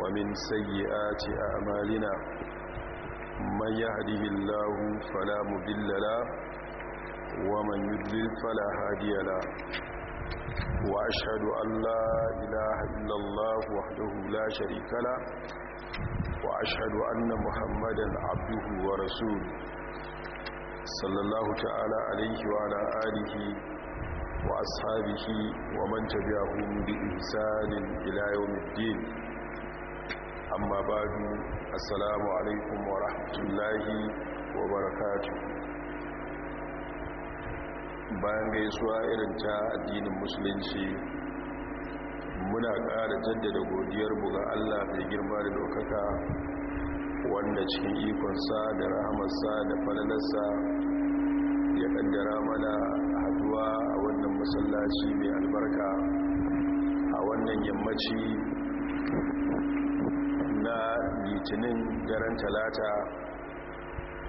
ومن سيئات أعمالنا من يهده الله فلا مضل له ومن يضلل فلا هادي له وأشهد أن لا إله إلا الله وحده لا شريك له وأشهد أن محمدا عبده ورسوله صلى الله تعالى عليه وعلى آله واصحابه ومن تبعهم بإحسان الى يوم الدين اما بعد السلام عليكم ورحمه الله وبركاته bayan gaisuwa irin ta addinin musulunci muna ƙara jaddada godiyar buga Allah mai girma da dokaka wanda cikin ikonsa da rahamarsa da falalarsa ya ƙaddara mana haduwa a wannan masallaci mai albarka a wannan yammaci na litinin daren talata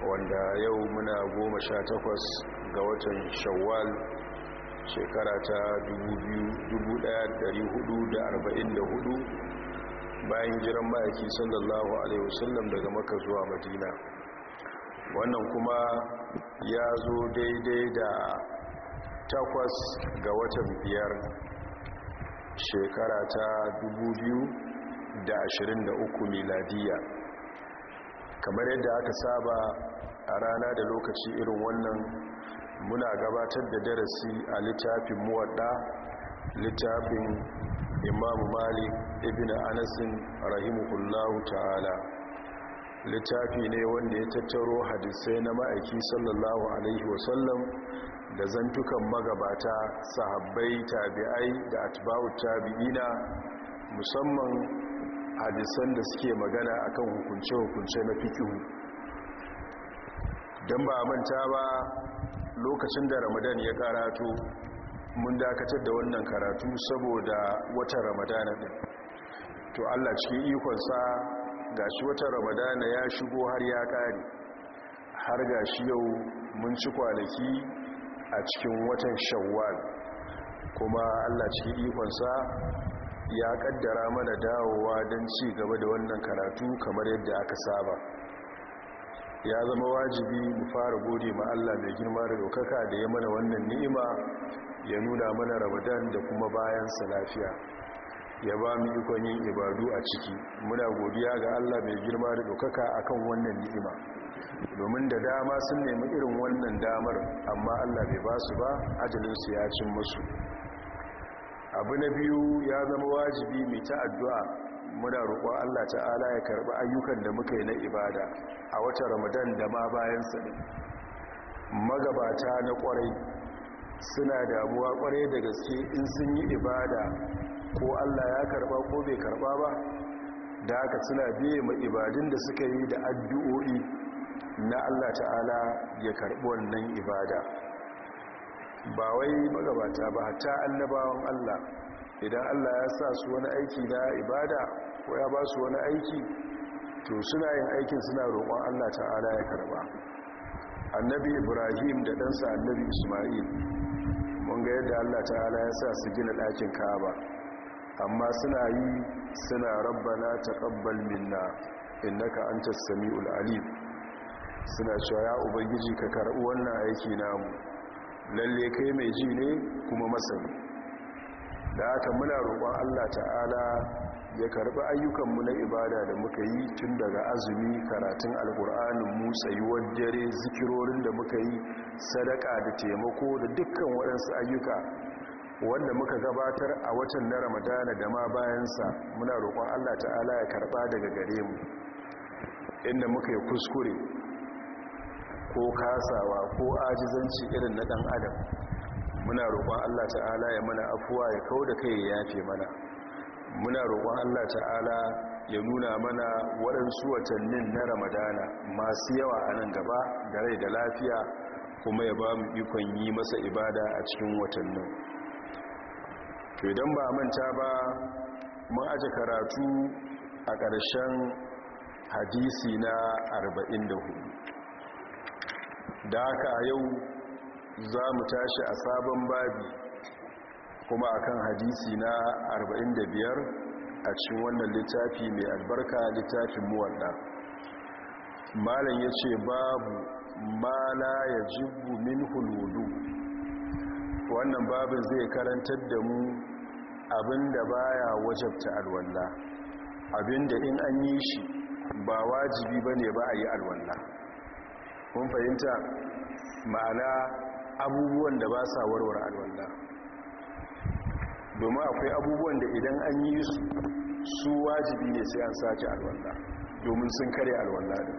wanda yau muna goma sha takwas ga watan shawwal shekara ta hudu, bayan jiran ma'aiki sallallahu alaihi wasallam daga maka zuwa madina wannan kuma ya zo daidai da takwas ga watan biyar shekara ta da ashirin da uku miladiya kamar yadda aka saba a rana da lokaci irin wannan muna gabatar da darasi a littafin muwadda littafin imamu mali ibn anasin rahimahullahu ta'ala littafi ne wanda ya tattaro hadisai na ma'aiki sallallahu alaihi wasallam da zantukan magabata sahabbai tabi'ai da atba'u tabi'ina musamman hadisan da suke magana akan hukunce-hukunce na fikihu don ba manta ba lokacin da ramadan ya karatu mun dakatar da wannan karatu saboda watan ramadana din to allah cikin ikonsa ga shi watan ramadana ya shigo har ya kare har ga shi yau mun ci kwanaki a cikin watan shawwal kuma allah cikin ikonsa ya kaddara mana dawowa don ci gaba da wannan karatu kamar yadda aka saba ya zama wajibi mu fara gode ma allah mai girma da dokaka da ya mana wannan ni'ima ya nuna mana ramadan da kuma bayansa lafiya ya ba mu ikon yin ibadu a ciki muna godiya ga allah mai girma da dokaka akan wannan ni'ima domin da dama sun nemi irin wannan damar amma Allah bai ba su ba ajalinsu ya cin musu abu na biyu ya zama wajibi mai ta addu'a muna roƙon Allah ta'ala ya karɓi ayyukan da muka yi na ibada a wata ramadan da ma bayansa ne magabata na ƙwarai suna damuwa ƙwarai da gaske in sun yi ibada ko Allah ya karɓa ko bai karɓa ba da haka suna biye ma ibadun da suka yi da addu'o'i na Allah ta'ala ya karɓi wannan ibada ba wai magabata ba ta annabawan Allah idan Allah ya sa su wani aiki na ibada ko ya ba su wani aiki to suna yin aikin suna roƙon Allah ta'ala ya karɓa annabi ibrahim da ɗansa annabi ismail mun ga yadda Allah ta'ala ya sa su gina ɗakin kaba amma suna yi suna rabbana taqabbal minna innaka antas samiul alim suna cewa ya ubangiji ka karɓi wannan aiki namu lalle kai mai ji ne kuma masani da haka muna roƙon allah ta'ala ya karɓi ayyukanmu na ibada da muka yi tun daga azumi karatun alkur'anin mutsayuwar yi dare zikirorin da muka yi sadaka da taimako da dukkan waɗansu ayyuka wanda muka gabatar a watan na ramadana da ma bayansa muna roƙon allah ta'ala ya karɓa daga gare mu inda muka yi kuskure ko kasawa ko ajizanci irin na ɗan adam muna roƙon Allah ta'ala ya mana afuwa ya kau da kai ya yafe mana muna roƙon Allah ta'ala ya nuna mana waɗansu watannin na ramadana masu yawa a nan gaba da rai da lafiya kuma ya ba mu ikon yi masa ibada a cikin watannin to idan ba manta ba mun aje karatu a ƙarshen hadisi na 44 da haka a yau za mu tashi a sabon babi kuma akan hadisi na 45 a cikin wannan littafi mai albarka littafin muwadda malam ya ce babu ma la ya jibbu min huludu wannan babin zai karantar da mu abinda ya wajabta alwallah abinda in an yi shi ba wajibi ba ne ba a yi alwallah kun fahimta ma'ana abubuwan da ba sa warware alwallah domin akwai abubuwan da idan an yi su wajibi ne sai an sace alwallah domin sun kare alwallah ne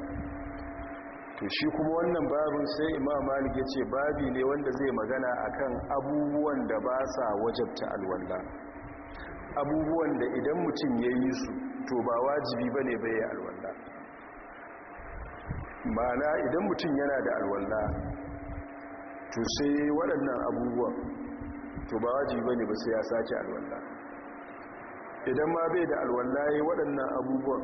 to shi kuma wannan babin sai imam malik ya ce babi ne wanda zai magana akan abubuwan da ba sa wajabta alwallah abubuwan da idan mutum ya yi su to ba wajibi ba ne bai yi alwallah mana idan mutum yana da alwalla to sai waɗannan abubuwan to ba waji ba ne ba sai ya sace alwalla idan ma bai da alwalla ya waɗannan abubuwan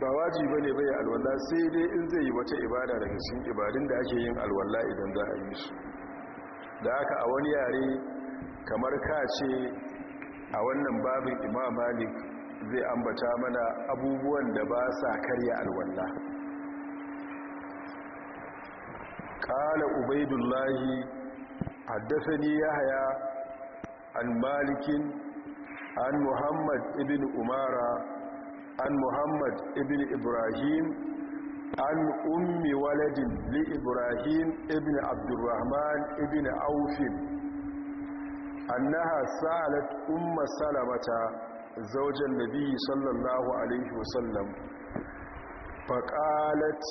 ba waji ba ne ba ya alwalla sai dai in zai yi wata ibada daga cikin ibadun da ake yin alwalla idan za a yi su da haka a wani yare kamar ka ce a wannan babin imam malik zai ambata mana abubuwan da ba sa karya alwalla kala ubaidullahi Haddasa, yahaya an malikin an muhammad ibn umara an muhammad ibn ibrahim an ummi waladin li ibrahim ibn abdurrahman ibn aufin annaha sa'alat umma salamata zawjan nabiyyi sallallahu alaihi wasallam faqalat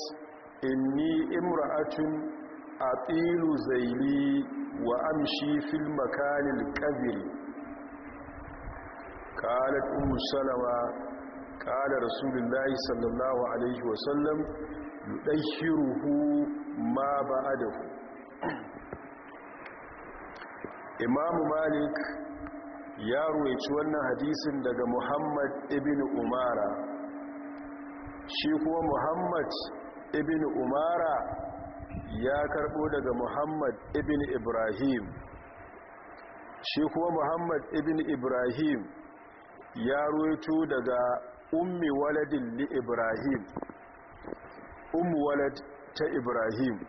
inni imra'atun a tsilu zaili wa amshi fil makalil kabir kalat umu salama kala rasulullahi sallallahu alaihi wasallam yudashiruhu ma ba'adahu imam malik ya ruwaici wannan hadisin daga muhammad Ibin umara shi kuma muhammad ibn umara ya karbo daga muhammad ibn ibrahim shi kuwa muhammad ibn ibrahim ya ruwaito daga ummi waladin li ibrahim ummi walad ta ibrahim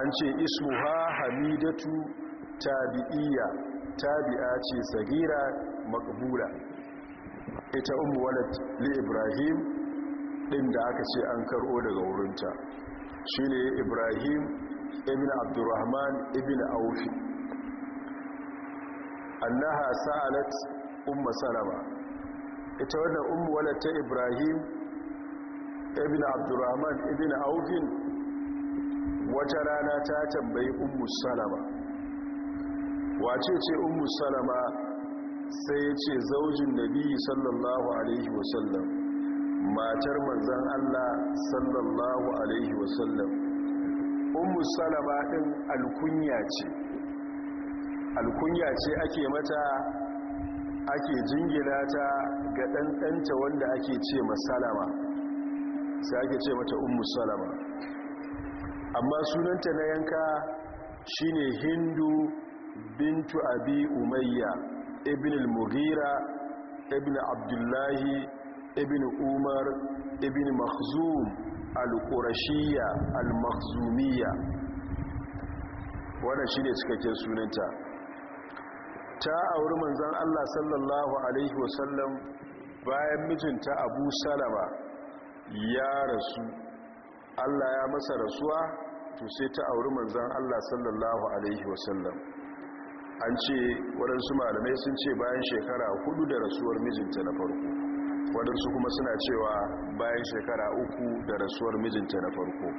an ce ha hamidatu tabi'iyya tabi'a ce sagira makbula ita ummi walad li ibrahim din da aka ce an karo daga wurinta Shi ne ibrahim ibn abdurrahman ibn aufi annaha sa'alat umma salama ita wannan ummu walata ibrahim ibn abdurrahman ibn aufin wata rana ta tambayi umma salama wace ce umma salama sai ya ce zaujin nabi sallallahu alaihi wasallam matar manzan Allah sallallahu alaihi wasallam ummu salama ɗin alkunya ce alkunya ce ake mata ake jingina ta ga ɗanɗanta wanda ake ce masalama sai ake ce mata ummu salama amma sunanta na yanka shine hindu bintu abi umayya ibn al-mughira ibn abdullahi ibn umar ibn makhzum al-qurashiyya al-makhzumiyya wannan shine cikakken sunanta ta auri manzon Allah sallallahu alaihi wasallam bayan mijinta Abu Salama ya rasu Allah ya masa rasuwa to sai ta auri manzon Allah sallallahu alaihi wasallam an ce waɗansu malamai sun ce bayan shekara hudu da rasuwar mijinta na farko waɗansu kuma suna cewa bayan shekara uku da rasuwar mijinta na farko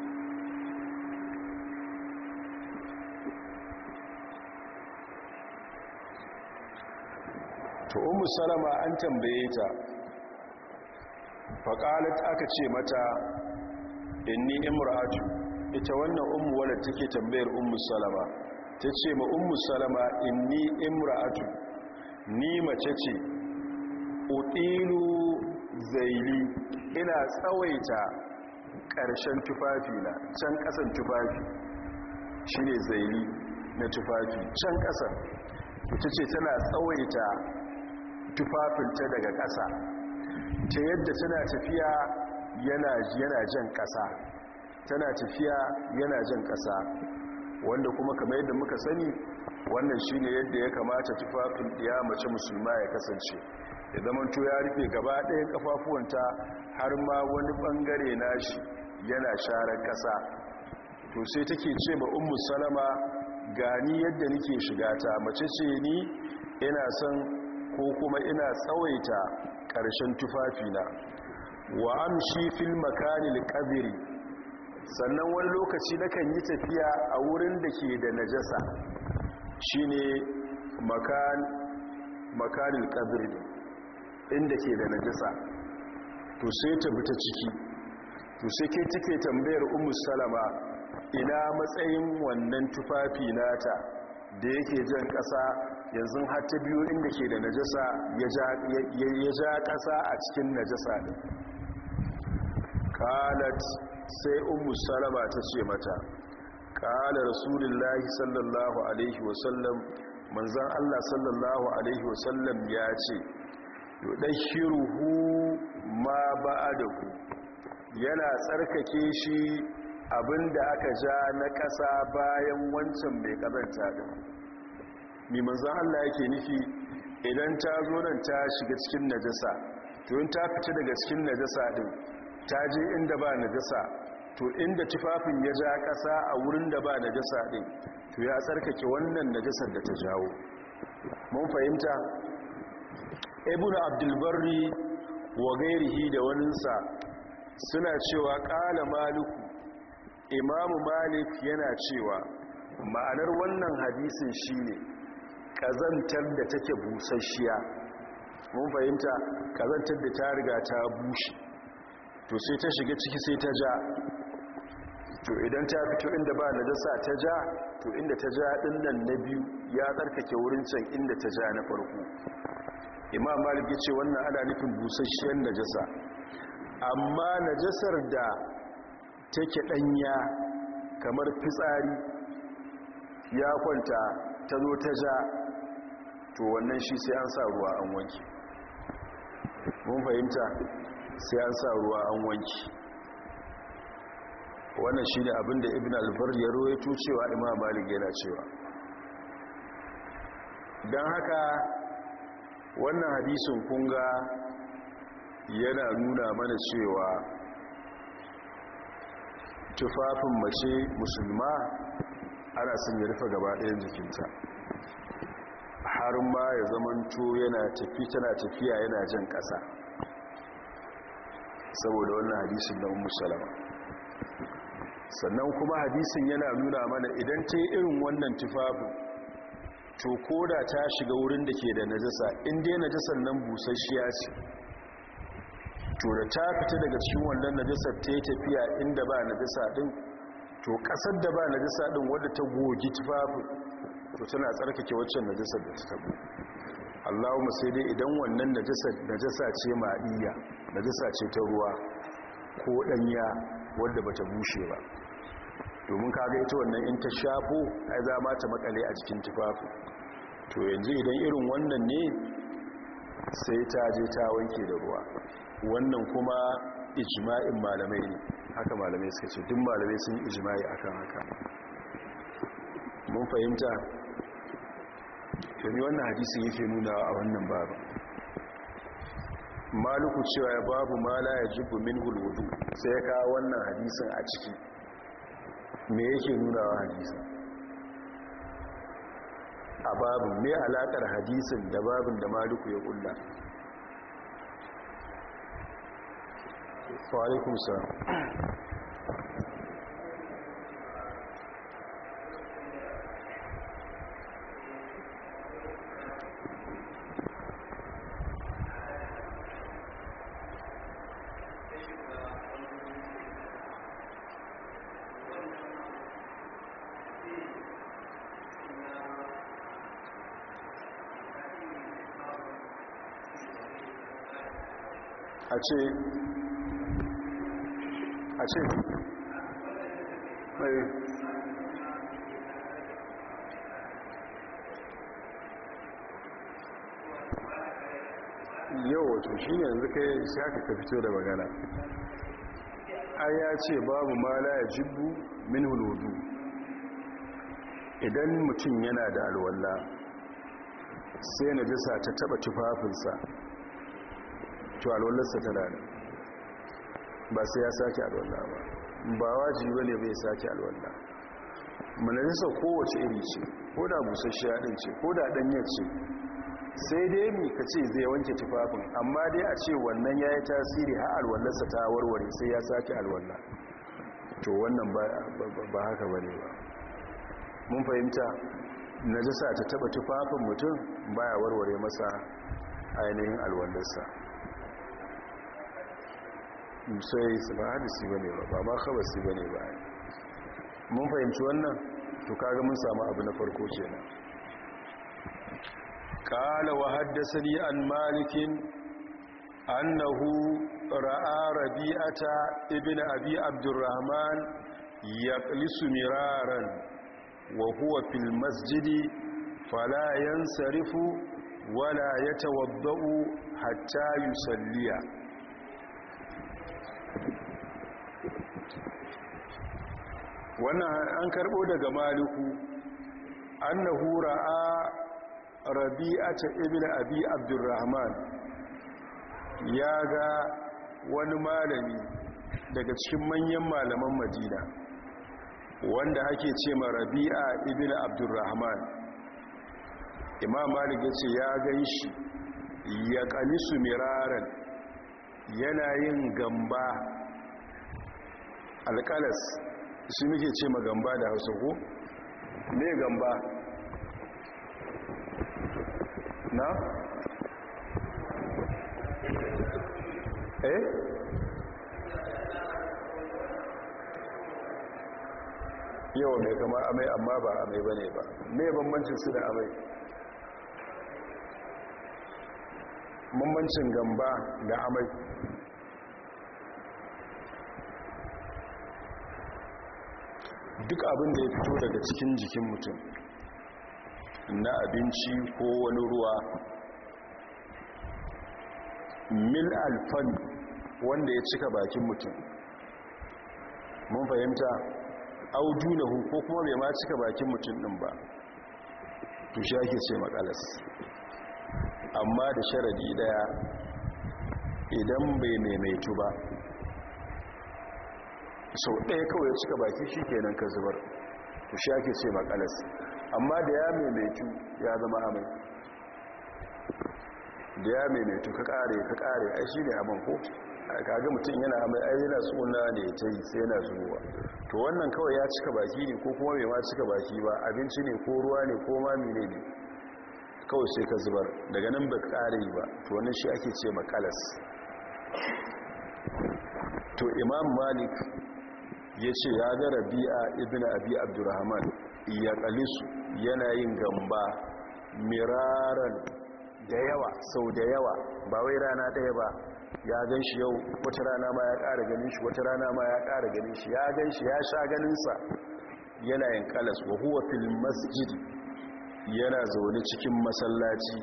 to umu salama an tambaye ta faƙalat aka ce mata inni imra'atu ita wannan umu wadda take tambayar ummu salama ta ce ma umu salama inni imra'atu ni mace ce utilu zaili ina tsawaita ƙarshen tufafi na can ƙasan tufafi shi ne zaili na tufafi can ƙasan ita ce tana tsawaita tufafinta daga ƙasa ta yadda tana tafiya yana jan ƙasa tana tafiya yana jan ƙasa wanda kuma kamar yadda muka sani wannan shi ne yadda ya kamata tufafin ya mace musulma ya kasance ya zamanto ya rufe gaba ɗaya kafafuwanta har ma wani ɓangare na shi yana sharar ƙasa to sai take ce ba ummu salama gani yadda nake shiga ta mace ce ni ina son ko kuma ina tsawaita ƙarshen tufafina wa amshi fil makanil kabiri sannan wani lokaci nakan yi tafiya a wurin da ke da najasa shine makan makanil kabiri inda ke da najasa to sai ta bi ta ciki to sai ke take tambayar ummu salama ina matsayin wannan tufafi nata da yake jan ƙasa yanzu har ta biyo inda ke da najasa ya ja ƙasa a cikin najasa ne kalat sai ummu salama ta ce mata kala rasulullahi sallallahu alaihi wasallam manzan allah sallallahu alaihi wasallam ya ce yudashiruhu ma ba'adahu yana tsarkake shi abinda aka ja na ƙasa bayan wancan mai kazanta din mai manzon Allah yake nufi idan ta zo nan ta shiga cikin najasa to in ta fita daga cikin najasa din ta je inda ba najasa to inda tufafin ya ja ƙasa a wurin da ba najasa din to ya tsarkake wannan najasar da ta jawo mun fahimta ibn abdulbarri wa gairihi da waninsa suna cewa ƙala maliku imamu malik yana cewa ma'anar wannan hadisin shine kazantar da take busasshiya mun fahimta kazantar da ta riga ta bushe to sai ta shiga ciki sai ta ja to idan ta fito inda ba na dasa ta ja to inda ta ja ɗin na biyu ya tsarkake wurin can inda ta ja na farko imam malik ya ce wannan ana nufin busasshiyar najasa amma najasar da take ɗanya kamar fitsari ya kwanta ta zo ta ja to wannan shi sai an sa ruwa an wanki mun fahimta sai an sa ruwa an wanki wannan shi ne abinda ibn alfar ya roye cewa imam malik yana cewa don haka wannan hadisin kunga yana nuna mana cewa tufafin mace musulma ana sun yi rufe gaba ɗayan jikinta har ma ya zamanto yana tafi tana tafiya yana jan ƙasa saboda wannan hadisin na umu sannan kuma hadisin yana nuna mana idan ta yi irin wannan tufafin to koda ta shiga wurin da ke da najasa inda najasar nan busasshiya ce to da ta fita daga cikin wannan najasar ta yi tafiya inda ba najasa din to kasar da ba najasa din wadda ta gogi tufafin to tana tsarkake waccan najasar da ta tabo Allahumma sai dai idan wannan najasar najasa ce ma'iya najasa ce ta ruwa ko danya wadda bata bushe ba domin kaga ita wannan in ta shafo ai za ma ta makale a jikin tufafi to yanzu idan irin wannan ne sai ta je ta wanke da ruwa wannan kuma ijma'in malamai ne haka malamai suka ce duk malamai sun ijma'i akan haka mun fahimta domin wannan hadisin yake nuna a wannan babu maluku cewa ya babu mala ya jibbu min hulwudu sai ya kawo wannan hadisin a ciki me yake nuna wa hadisin a babin mai alakar hadisin da babin da maluku ya kulla ce a ce mai eh, yau wato shi ne yanzu kai sai ka fito da magana ai ya ce babu mala ya jibu min hulodu idan mutum yana da alwallah sai na jisa ta taba tufafinsa to alwallarsa ta nan ba sai ya sake alwallar ba ba wajibi ne bai sake alwallah manajisa kowace iri ce ko da busasshiya din ce ko da ɗanyar ce sai dai mu ka ce zai wanke tufafin amma dai a ce wannan ya yi tasiri har alwallarsa ta warware sai ya sake alwallar to wannan ba haka ba ne ba mun fahimta najasa ta taba tufafin mutum baya warware masa ainihin alwallarsa musai su ba hadisi ba ne ba ba khabasi ba ne ba mun fahimci wannan to kaga mun samu abu na farko kenan qala wa haddathani an malikin annahu ra'a rabi'ata ibnu abi abdurrahman yaqlisu miraran wa huwa fil masjidi fala yansarifu wala yatawaddau hatta yusalliya wannan an karbo daga maliku annahu ra'a rabi'ata ibn abi abdurrahman ya ga wani malami daga cikin manyan malaman madina wanda ake ce ma rabi'a ibn abdurrahman imam malik ya ce ya gan shi ya kalisu miraran yana yin gamba alkalas shi muke ce magamba da hausa ko me gamba na eh yawa mai kama amai amma ba amai ba ne ba me bambancin su da amai bambancin gamba da amai duk abin da ya fito daga cikin jikin mutum na abinci ko wani ruwa mil alfan wanda ya cika bakin mutum mun fahimta audunahu ko kuma bai ma cika bakin mutum din ba to shi ake ce makalas amma da sharadi daya idan bai maimaitu ba sau ɗaya kawai ya cika baki shi kenan ka zubar ku shi ake ce makalas amma da ya maimaitu ya zama amai da ya maimaitu ka ƙare ka ƙare a shi ne abin ko kaga mutum yana amai ai yana tsuna ne ta yi sai yana zuwa to wannan kawai ya cika baki ne ko kuma mai ma cika baki ba abinci ne ko ruwa ne ko mami ne ne kawai sai ka zubar daga nan ba ƙare ba to wannan shi ake ce makalas to imam malik ya ce ya ga rabi'a ibn abi abdurrahman ya kalisu yana yin gamba miraran da yawa sau da yawa ba wai rana ɗaya ba ya gan shi yau wata rana ma ya ƙara ganin shi wata rana ma ya ƙara ganin shi ya gan shi ya sha ganinsa yana yin kalas wa huwa fil masjid yana zaune cikin masallaci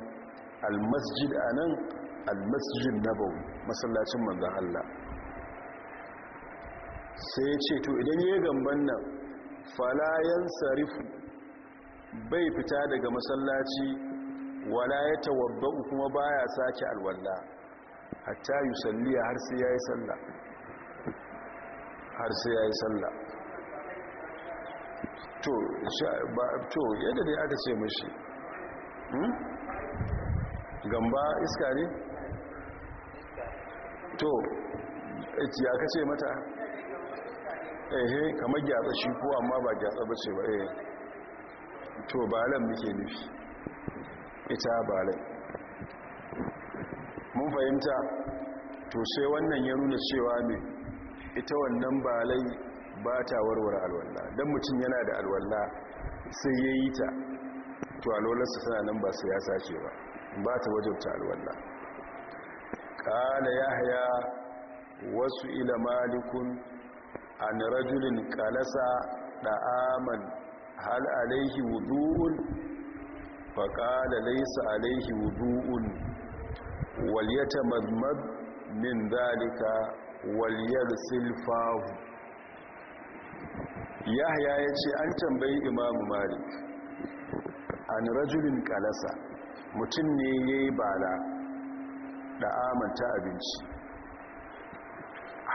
al masjid anan al masjid nabawi masallacin manzon Allah sai ya ce to idan ya gamban nan falayen sarifu bai fita daga masallaci wala ya tawabba kuma baya sake alwalla hatta yi salliya har sai ya yi sallah har sai ya yi sallah to yadda dai aka ce mashi hmm? gamba iska ne to ya kace mata ehe kamar gyatsa shi ko amma ba gyatsa ba ce ba ehe to balan muke nufi ita balan mun fahimta to sai wannan ya nuna cewa ne ita wannan balai ba ta warware alwallah don mutum yana da alwallah sai ya yi ta to alwallarsa tana nan ba sai ya sace ba ba ta wajabta alwallah ƙala ya haya wasu ila malikun an rajulin kalasa aman hal alaihi wudu'un faƙala laisa alaihi wudu'un waliyata madmad min zalika waliyar silfahu yahya ya ce an tambayi imamu malik an rajulin kalasa mutum ne ya yi bala aman ta abinci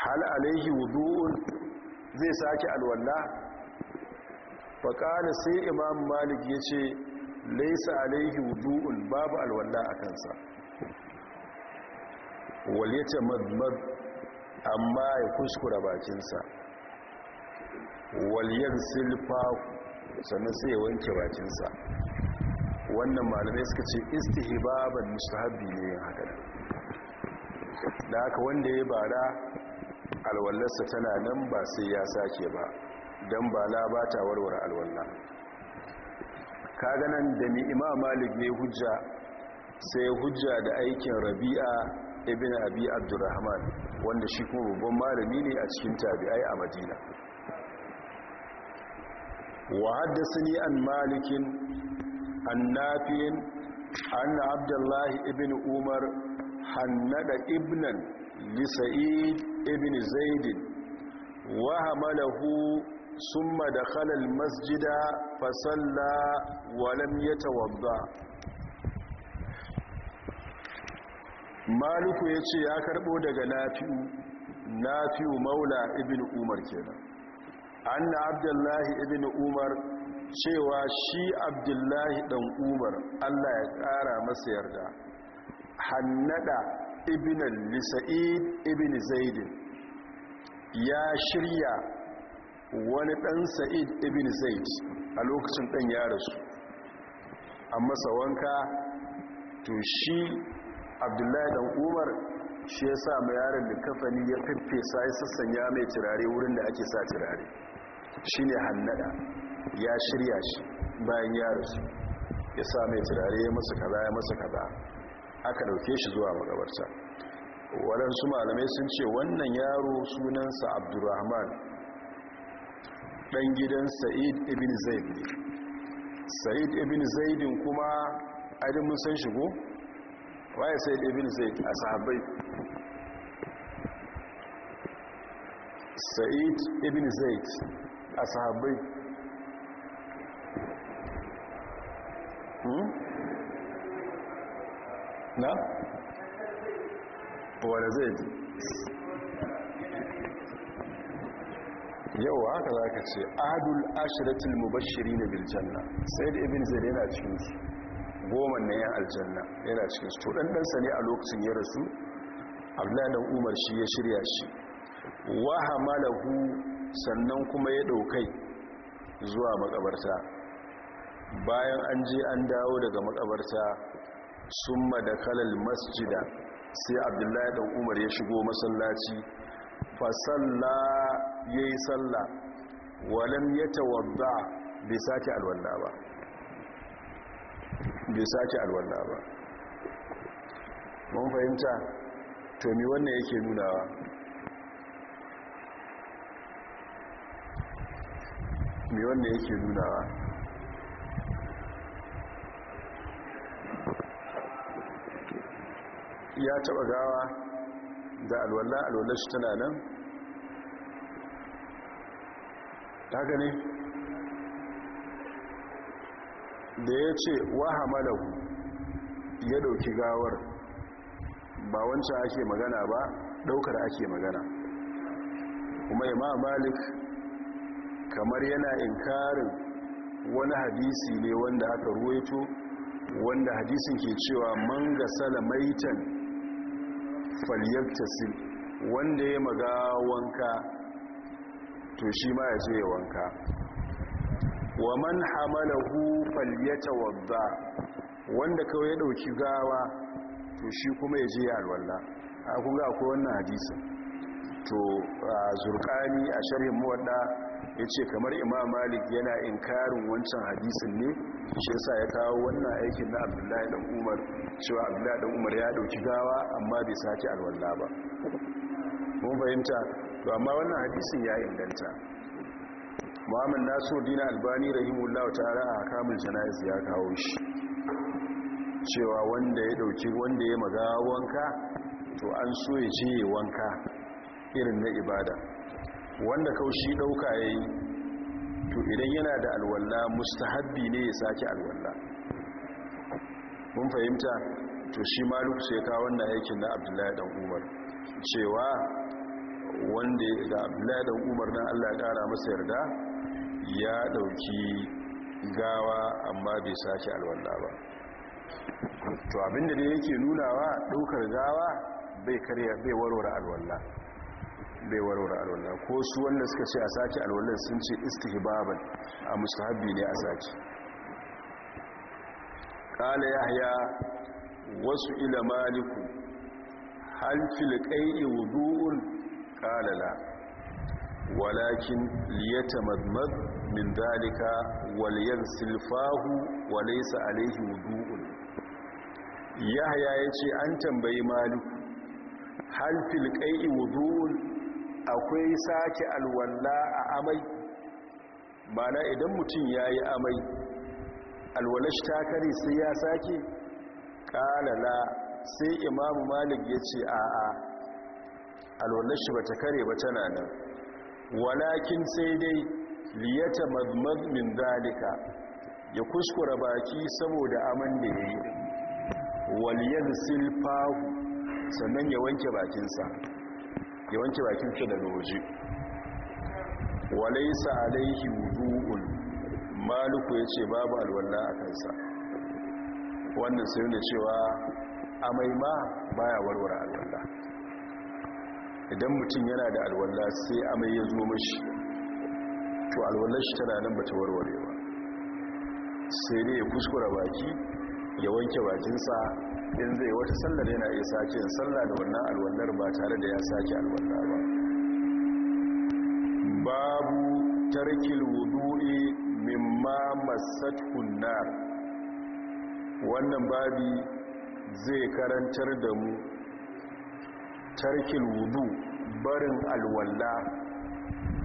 hal alaihi wudu'un zai sake alwalla faƙali sai imam malik ya ce laisa alaihi wudu'un babu alwalla a kansa wal ya ce amma ya kuskura bakinsa wal yan silfa sannan sai ya wanke bakinsa wannan malamai suka ce istihbaban mustahabbi ne yin haka da haka wanda ya bara alwallarsa tana nan ba sai ya sake ba don ba la ba ta warware alwallar kaganan da ni imam malik ne hujja sai hujja da aikin rabi'a ibn abi abdurrahman wanda shi kuma babban malami ne a cikin tabi'ai a madina wa haddasani an malikin annafiyin anna abdullahi ibn umar hannada ibnan لسعيد ابن زيد وهمله ثم دخل المسجد فصلى ولم يتوضا مالك yace ya karbo daga nafi'u nafi'u maula ibn umar kenan anna abdullahi ibn umar cewa shi abdullahi dan umar Allah ya kara masa yarda hannada ibn al-lisa'id ibn zaid ya shirya wani dan sa'id ibn zaid a lokacin dan ya rasu an masa wanka to shi abdullahi dan umar shi yasa mai yaron da kafani ya fiffesa ya sassanya mai turare wurin da ake sa turare shine ne hannada ya shirya shi bayan ya rasu ya sa mai turare ya masa kaza ya masa kaza aka dauke shi zuwa magabarta waɗansu malamai sun ce wannan yaro sunansa abdurrahman ɗan gidan sa'id ibn zaid ne sa'id ibn zaidin kuma adin mun san shigo waye sa'id ibn zaid a sahabbai sa'id ibn zaid a sahabbai hmm? na? wadda zai ji yau haka za ka ce adul ashiratul mubashiri na biljanna sai da ibin zai yana cikinsu goma na yan aljanna yana cikinsu to ɗanɗansa ne a lokacin ya rasu abladan umar shi ya shirya shi wahamalahu sannan kuma ya ɗaukai zuwa makabarta bayan an je an dawo daga makabarta summa da kalal masjida sai abdullahi dan umar ya shigo masallaci fasalla ya yi salla walam ya tawadda bai sake alwalla ba bai sake alwalla ba mun fahimta to wannan yake nunawa mi wannan yake nunawa ya taba gawa da alwala alwala shi tana nan haka ne da ya ce wahamalahu ya dauki gawar ba wancan ake magana ba daukar ake magana kuma imam malik kamar yana inkarin wani hadisi ne wanda aka ruwaito wanda hadisin ke cewa man gasala falyaktasil wanda ya maga wanka to shi ma ya ce wanka wa man hamalahu falyatawadda wanda kawai ya dauki gawa to shi kuma ya je alwala a kun ga akwai wannan hadisi to zurqani a sharhin muwadda ya ce kamar imam malik yana inkarin wancan hadisin ne shi sa ya kawo wannan aikin na abdullahi dan umar cewa abdullahi dan umar ya dauki gawa amma bai sake alwalla ba mun fahimta to amma wannan hadisin ya inganta muhammad dina albani rahimullahu ta'ala a kamun janayis ya kawo shi cewa wanda ya dauki wanda ya magawa wanka to an so ya ce wanka irin na ibada wanda kaushi ɗauka ya yi to idan yana da alwalla mustahabbi ne ya sake alwalla mun fahimta to shi maluk sai ka wannan aikin na abdullahi ɗan umar cewa wanda da abdullahi dan umar na allah ƙara masa yarda ya ɗauki gawa amma bai sake alwalla ba to abinda da yake nunawa ɗaukar gawa bai karya bai warware alwalla bai warware alwallah ko su wanda suka ce a sake alwallah sun ce istihbaban a mustahabbi ne a sake qala yahya wasu ila maliku hal fil qai'i wudu'un qala la walakin liyatamadmad min dalika waliyar fahu wa alayhi wudu'un yahya yace an tambayi maliku hal fil qai'i wudu'un akwai sake alwalla a amai mana idan mutum ya yi amai alwallashi ta kare sai ya sake kalala sai imamu malik ya ce a'a alwallashi ba ta kare ba tana nan walakin sai dai liyata mazmaz zalika ya kuskura baki saboda aman da ya yi waliyar silfahu sannan ya wanke bakinsa ya wanke bakin shi daga waje walaisa alaihi wudu'un maluku ya ce babu alwalla a kansa wannan sai da cewa amai ma baya warware alwalla idan mutum yana da alwalla sai amai ya zo mashi to alwallar shi tana nan bata warware ba sai dai ya kuskura baki ya wanke bakinsa in zai wata sallar yana iya sake yin sallah da wannan alwallar ba tare da ya sake alwallar ba babu tarkil wudu'i mimma masat kunnar, wannan babi zai karantar da mu tarkil wudu barin alwalla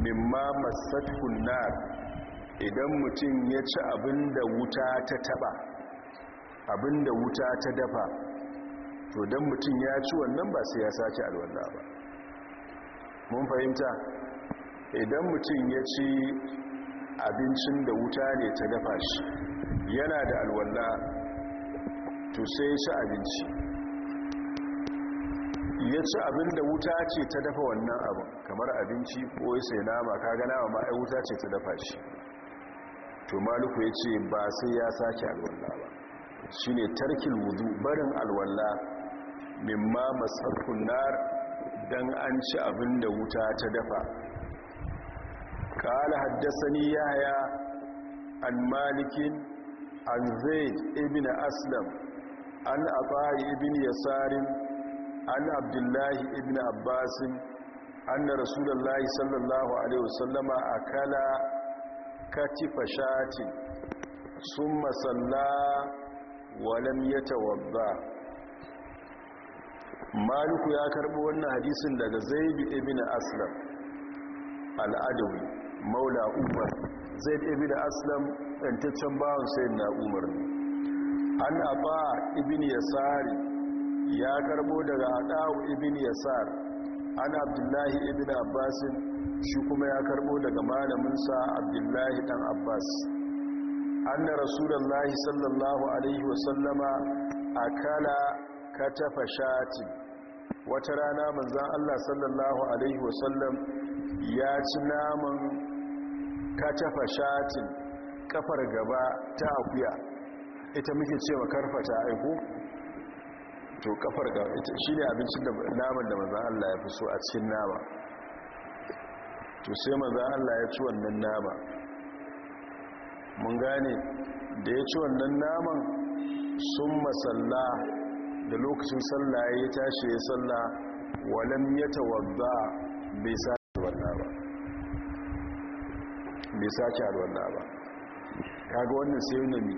mimma masat kunnar idan mutum ya ci abinda wuta ta taba abinda wuta ta dafa to don mutum ya ci wannan ba sai ya sake alwala ba mun fahimta idan mutum ya ci abincin da wuta ne ta dafa shi yana da alwala to sai ya ci abinci ya ci abin da wuta ce ta dafa wannan abin kamar abinci ko ya sai nama gana ma ma'ai wuta ce ta dafa shi to maluku ya ce ba sai ya sake alwala ba ne tarkin wudu barin alwalla mimma masarfin nar don an ci abin da wuta ta dafa kala haddasani yaya an malikin an zaid ibn aslam an afari ibn yasarin an abdullahi ibn abbasin an anna rasulullahi sallallahu alaihi wasallama kala katifa shatin sun sallaa walam ya tawabba maliku ya karbi wannan hadisin daga zaid ibn aslam al'adawi maula umar zaid ibn aslam ɗantaccen bawan sayin na umar ne an aba ibn yasari ya karbo daga adawu Ibin yasar an abdullahi Ibin abbasin shi kuma ya karbo daga malaminsa abdullahi Ɗan abbas anna rasulullahi sallallahu alaihi wasallama akala katafa shati wata rana manzan Allah sallallahu alaihi wasallam ya ci naman katafa shati kafar gaba ta akuya ita muke cewa karfata aiko to kafar gaba ita shine abincin da naman da manzan Allah ya fi so a cikin nama to sai manzan Allah ya ci wannan nama mun gane da ya ci wannan naman sun masalla da lokacin sallah ya tashi ya salla walam ya tawadda bai sake alwalla ba bai sake ba kaga wannan sai nami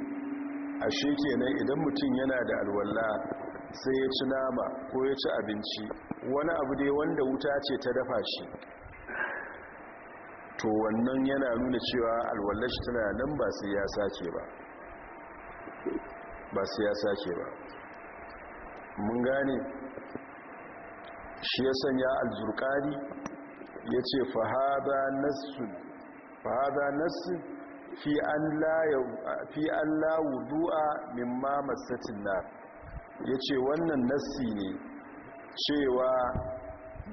ashe kenan idan mutum yana da alwalla sai ya ci nama ko ya ci abinci wani abu dai wanda wuta ce ta dafa shi to wannan yana nuna cewa shi tana nan ba su ya sace ba ba su ya sace ba mun gane shi ya sanya alzurkari ya ce fahada nassu fi an lawudu'a mimma masatin na ya ce wannan nassi ne cewa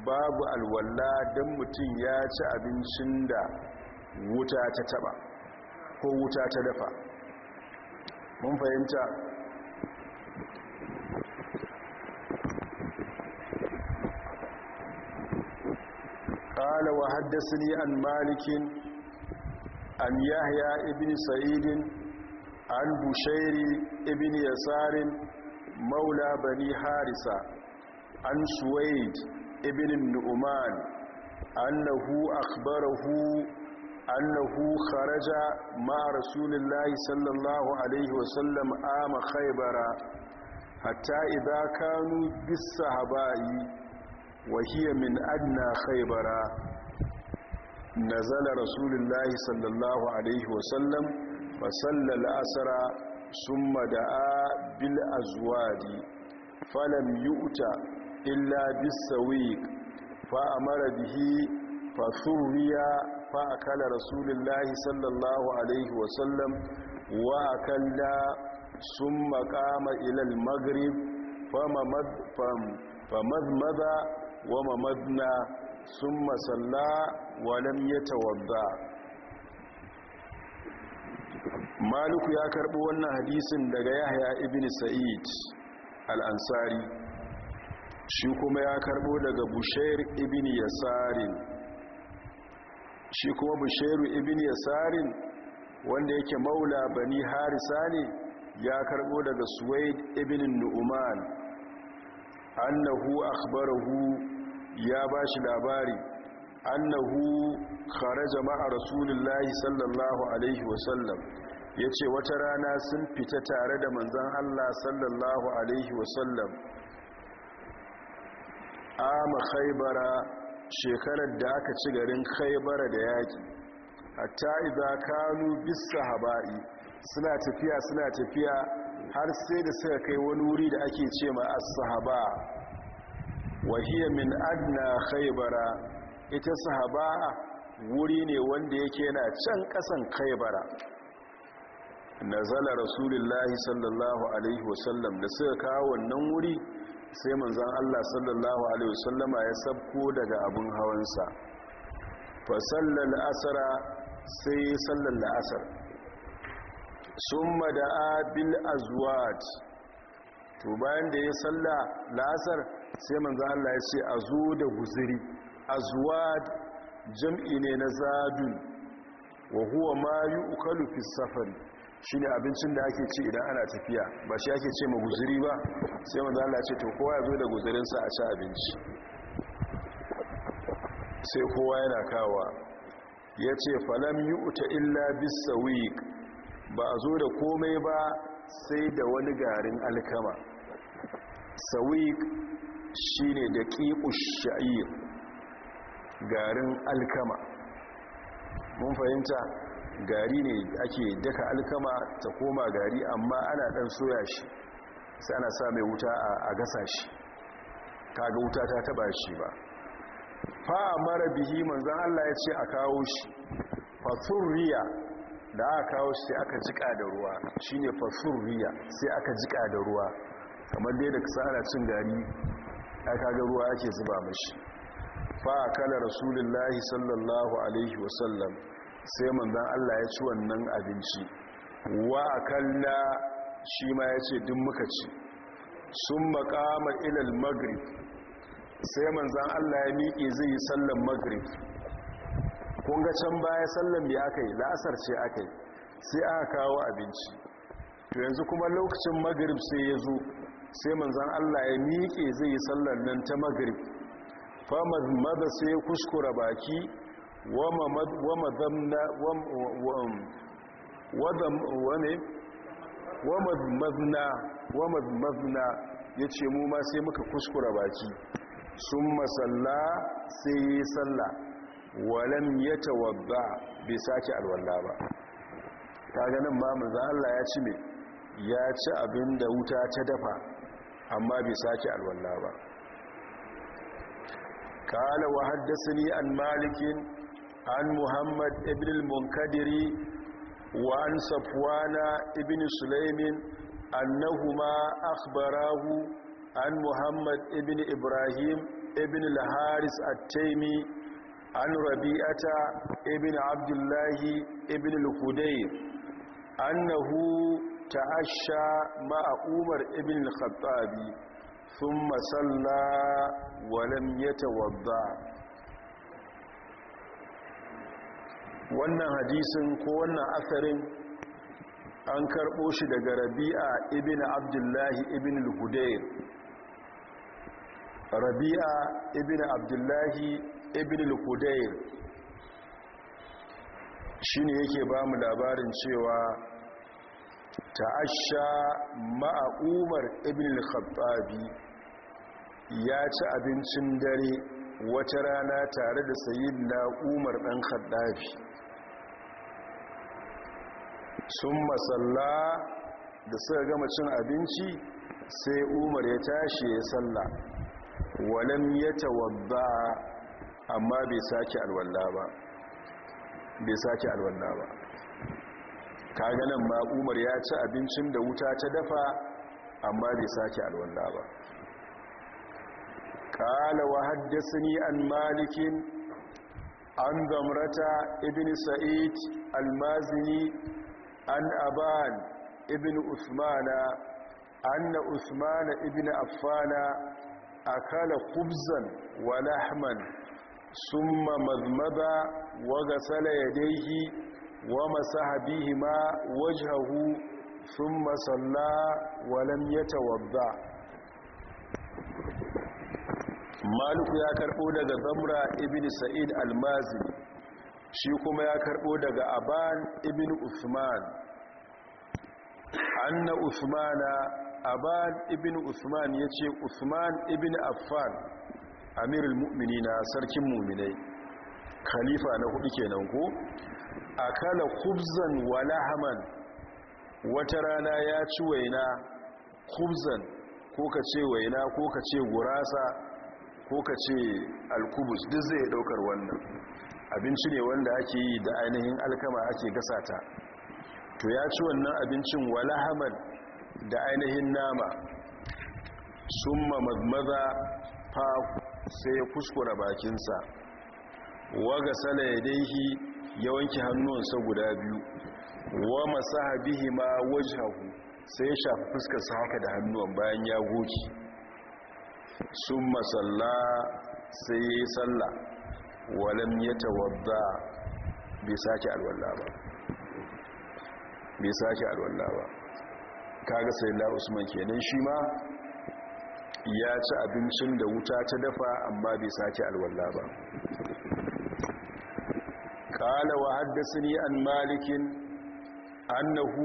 babu alwalla don mutum ya ci abincin da wuta ta taba ko wuta ta dafa mun fahimta ƙala wa haddasa ni an malikin an yahya ibi sa'idin an bushairi ibi yasarin maula bani harisa an suwaid ibn nu'man annahu akhbarahu annahu kharaja ma'a rasulillahi sallallahu alaihi sallam ama khaybara hatta idza kanu bis sahabai wa hiya min adna khaybara nazala rasulullahi sallallahu alaihi wasallam fa sallal asra summa da'a bil azwadi falam yu'ta illa bisawiq fa amara bihi fa surriya fa akala rasulullahi sallallahu alaihi wasallam wa akalla summa qama ila al-maghrib famamad wa mamadna summa salla wa lam yatawadda maliku ya karɓi wannan hadisin daga yahya ibn sa'id al-ansari shi kuma ya karbo daga bushair ibn yasarin shi kuma bushairu ibn yasarin wanda yake maula bani harisa ne ya karbo daga suwaid ibn nu'man annahu akhbarahu ya ba bashi labari annahu kharaja ma'a rasulullahi sallallahu alaihi wasallam yace wata rana sun fita tare da manzon Allah sallallahu alaihi wasallam ama khaybara shekarar da aka ci garin khaybara da yaki hatta idza kanu bisahaba'i suna tafiya suna tafiya har sai da suka kai wani wuri da ake ce ma as-sahaba wa hiya min adna khaybara ita sahaba wuri ne wanda yake yana can kasan khaybara nazala rasulullahi sallallahu alaihi wasallam da suka kawo wannan wuri sai manzan Allah sallallahu Alaihi wasallama ya sabko daga abin hawansa fasallar asara sai ya sallar la'asar sun da abin azwaj to bayan da ya salla la'asar sai manzan Allah ya ce a zo da guziri azwaj jam'i ne na zadun wa huwa ma yi ukalu safari shi ne abincin da ake ci idan ana tafiya ba shi ake ce ma guziri ba sai wanda Allah ce to kowa ya zo da sa a ci abinci sai kowa yana kawa ya ce falam yi uta illa bisa wik ba a zo da komai ba sai da wani garin alkama sawik shi ne da ƙiƙushayi garin alkama mun fahimta gari ne ake daka alkama ta koma gari amma ana dan soya shi sai ana sa mai wuta a gasa shi kaga wuta ta taba shi ba fa mara bihi manzon Allah ya ce a kawo shi fasurriya da aka kawo shi sai aka jika da ruwa shine fasurriya sai aka jika da ruwa kamar dai da kasa cin gari aka ga ruwa ake zuba mashi fa kala rasulullahi sallallahu alaihi wasallam sai manzan Allah ya ci wannan abinci wa kalla shi ma ya ce duk muka ci sun makama ilal magrib sai manzan Allah ya miƙe zai yi sallan magrib kun can baya sallan bi aka yi la'asar ce aka yi sai aka kawo abinci to yanzu kuma lokacin magrib sai ya zo sai manzan Allah ya miƙe zai yi sallar nan ta magrib famar mada sai kuskura baki wamazmazna ya ce mu ma sai muka kuskura baki sun masalla sai yi salla walam ya tawadda bai sake alwalla ba kaga ganin ma mu Allah ya ci me ya ci abin da wuta ta dafa amma bai sake alwalla ba haddasa ni an malikin an muhammad ibn al-munkadiri wa an safwana ibn sulaimin annahuma akhbarahu an muhammad Ibin ibrahim ibn al at-taimi an rabi'ata Ibin abdullahi ibn al-hudayr annahu ta'ashsha ma'a umar ibn al-khattabi thumma wa lam yatawadda wannan hadisin ko wannan asarin an karɓo shi daga rabi'a ibn abdullahi ibn al-hudayr rabi'a ibn abdullahi ibn al-hudayr shi ne yake ba mu labarin cewa ta'asha ma'a umar ibn al-khattabi ya ci abincin dare wata rana tare da sayyidina umar ɗan khattabi sun masalla da suka gama cin abinci sai umar ya tashi ya salla walam ya tawadda amma bai sake alwalla ba bai sake alwalla ba kaganan ma umar ya ci abincin da wuta ta dafa amma bai sake alwalla ba قال وحدثني عن مالك an ضمرة ابن Sa'id المازني an aban ibn usmana anna usmana ibn affana akala khubzan wa lahman summa madmada wa ghasala yadayhi wa masaha bihima wajhahu Summa salla wa lam yatawadda maliku ya karbo daga zamra ibn sa'id al-mazini shi kuma ya karbo daga aban ibn usman anna usmana aban ibn usman ya ce usman ibn affan amirul mu'mini na sarkin muminai khalifa na hudu kenan ko akala khubzan wa lahaman wata rana ya ci waina khubzan ko ka ce waina ko ka ce gurasa ko ka ce alkubus duk zai daukar wannan abinci ne wanda ake yi da ainihin alkama ake gasa ta to ya ci wannan abincin walahaman da ainihin nama sun mazmaza fa sai kuskura bakinsa waga sala yadaihi ya wanke hannunsa guda biyu wa masaha bihi ma wajhahu sai ya shafi fuskarsa haka da hannuwan bayan ya goki Sun masalla sai ya yi sallah walam ya tawadda bai sake alwallah ba bai sake alwallah ba sai sayyida usman kenan shi ma ya ci abincin da wuta ta dafa amma bai sake alwallah ba kala wa haddathani an malikin hu,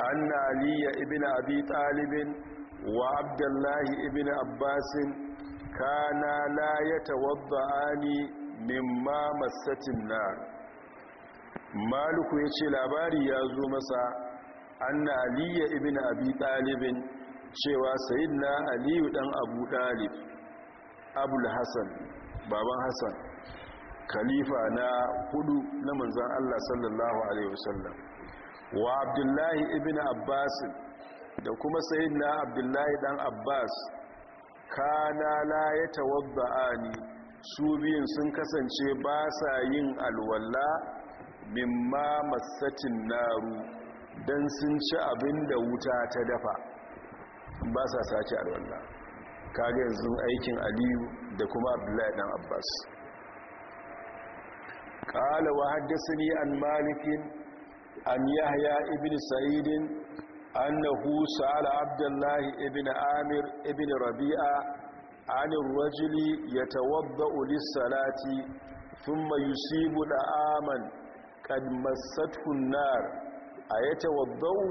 an na aliya ibn abi talib wa Abdullahi ibn abbasin kana la ya tawadda'ani mimma masatin na maluku ya ce labari ya zo masa anna aliyu ibn abi ɗalibin cewa na aliyu dan abu ɗalib abul hassan baban hassan khalifa na hudu na manzan allah sallallahu alaihi wasallam wa abdullahi ibn abbasin da kuma na abdullahi dan abbas kana la ya ani su biyun sun kasance ba sa yin alwalla mimma masatin naru don sun ci abin da wuta ta dafa ba sa sace alwalla kaga yanzu aikin aliyu da kuma abdullahi dan abbas qala wa haddathani an malikin an yahya ibn sa'idin annahu sa'ala abdullahi ibn amir ibn rabi'a an rajuli yatawadda'u lis-salati thumma yusibu da'aman qad massathu an-nar ayatawadda'u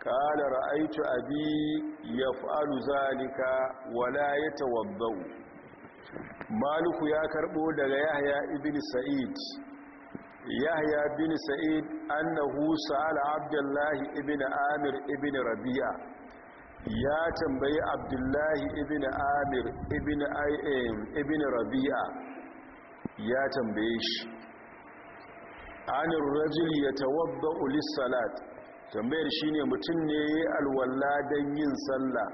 قال رأيت أبي يفعل ذلك ولا يتوضأ مالك يا كربو دغ يحيى ابن سعيد yahya bin sa'id annahu sa'ala abdullahi ibn amir ibn rabi'a ya tambayi abdullahi ibn amir ibn ayyam ibn rabi'a ya tambaye shi anir rajul yatawadda'u lis-salat tambayar shine mutum ne alwala dan yin sallah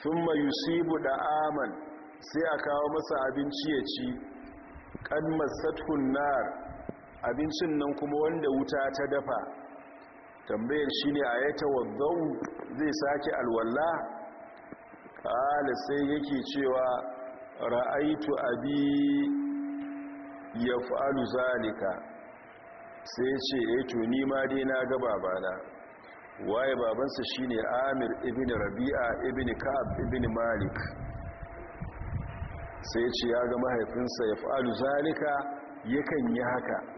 thumma yusibu da'aman sai a kawo masa abinci ya ci kan masatkun nar abincin nan kuma wanda wuta ta dafa tambayar shi ne a ya tawaddau zai sake alwalla ƙala sai yake cewa ra'aitu abi ya fa'alu zalika sai ce ya eh tuni ma dai na ga babana waye babansa shi ne amir ibn rabi'a ibn ka'ab ibn malik sai ce ya ga mahaifinsa ya fa'alu zalika yakan yi haka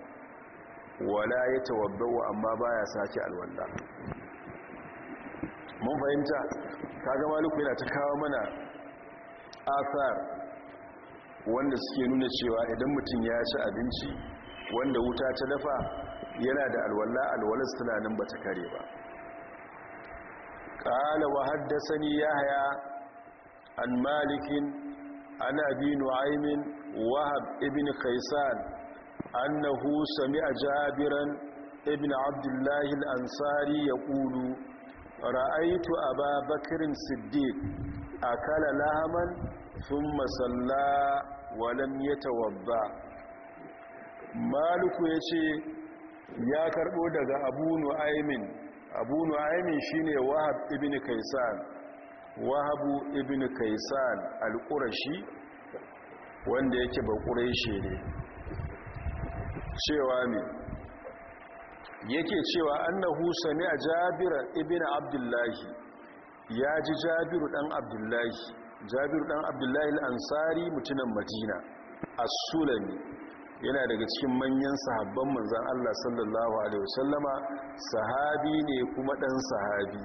wala ya tawabbawa amma ba ya sake alwalla mun fahimta kaga maliku yana ta kawo mana asar wanda suke nuna cewa idan mutum ya ci abinci wanda wuta ta dafa yana da alwalla alwalas tunanin bata kare ba ni ya haya an malikin ana bi nu'aimin wahab ibn khaisan annahu sami'a jabiran ibn abdullahi al-ansari yaqulu ra'aytu aba bakr siddiq a lahaman thumma salla wa lam yatawadda maliku yace ya karɓo daga abu nu'aymin abu nu'aymin shine wahab ibn kaysan wahabu ibn Kaisar al-qurashi wanda yake ba quraishi ne cewa ne yake cewa annahu sami a jabira ibn abdullahi ya ji jabiru dan abdullahi jabiru dan abdullahi al-ansari mutumin madina as-sulami yana daga cikin manyan sahabban manzan Allah sallallahu alaihi wasallama sahabi ne kuma dan sahabi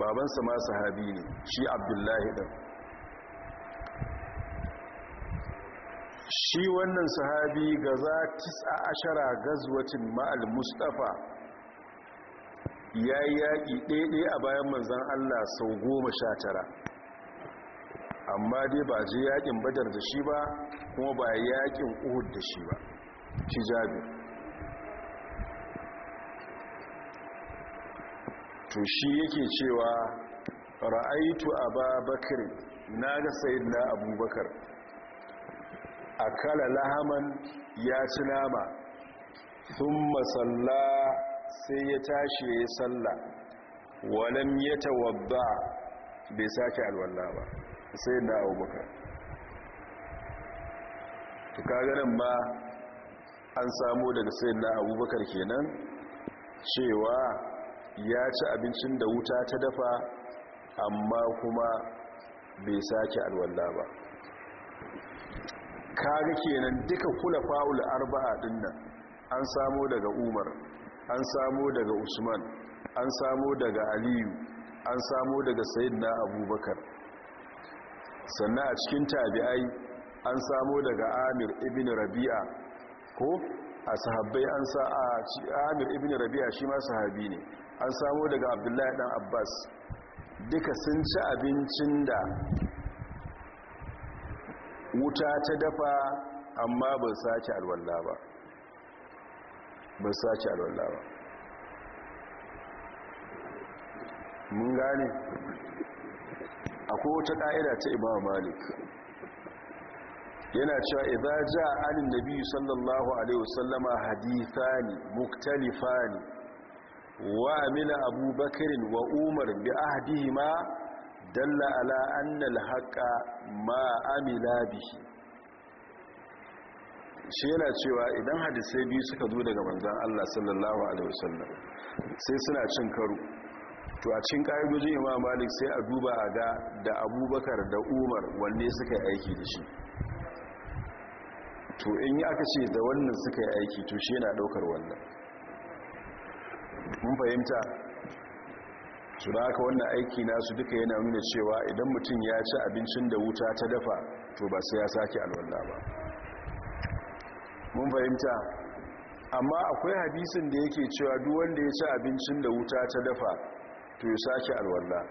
babansa ma sahabi ne shi abdullahi din shi wannan sahabi ga za tis'a ashara gazwacin ma'al mustafa ya yi yaƙi ɗaiɗe a bayan manzan allah sau goma sha tara amma dai ba je yaƙin badar da shi ba kuma ba yaƙin uhud da shi ba shi Jami. to shi yake cewa ra'aitu a ba bakar na ga sayi na abubakar a kala lahaman ya ci nama sun masalla sai ya tashi ya yi salla walam ya tawabba bai sake alwalla ba sai na abubakar ganin ma an samu daga sai na abubakar kenan cewa ya ci abincin da wuta ta dafa amma kuma bai sake alwalla ba kaga kenan duka kula fa'ul arba'a dinnan an samo daga umar an samo daga usman an samo daga aliyu an samo daga sayyidina abubakar sannan a cikin tabi'ai an samo daga amir ibn rabi'a ko a sahabbai an sa a amir ibn rabi'a shi ma sahabi ne an samo daga abdullahi dan abbas duka sun ci abincin da wuta ta dafa amma ba sace alwalla ba ba sace alwalla ba mun gane akwai wata ƙa'ida ta imam malik yana cewa idza jaa da nabi sallallahu alaihi wasallama hadithani muktalifani wa amila abubakar wa umar bi ahdihima dalla ala annal haqqa ma amila bihi shi yana cewa idan hadisai biyu suka zo daga manzon Allah sallallahu alaihi wasallam sai suna cin karo to a cikin ƙa'idojin Imam Malik sai a duba a ga da Abubakar da Umar wanne suka yi aiki da shi to in yi aka ce da wannan suka yi aiki to shi yana daukar wannan mun fahimta su da haka wannan aiki nasu duka yana nuna cewa idan mutum ya ci abincin da wuta ta dafa to ba sai ya sake alwallah ba mun fahimta amma akwai hadisin da yake cewa duk wanda ya ci abincin da wuta ta dafa to ya sake alwallah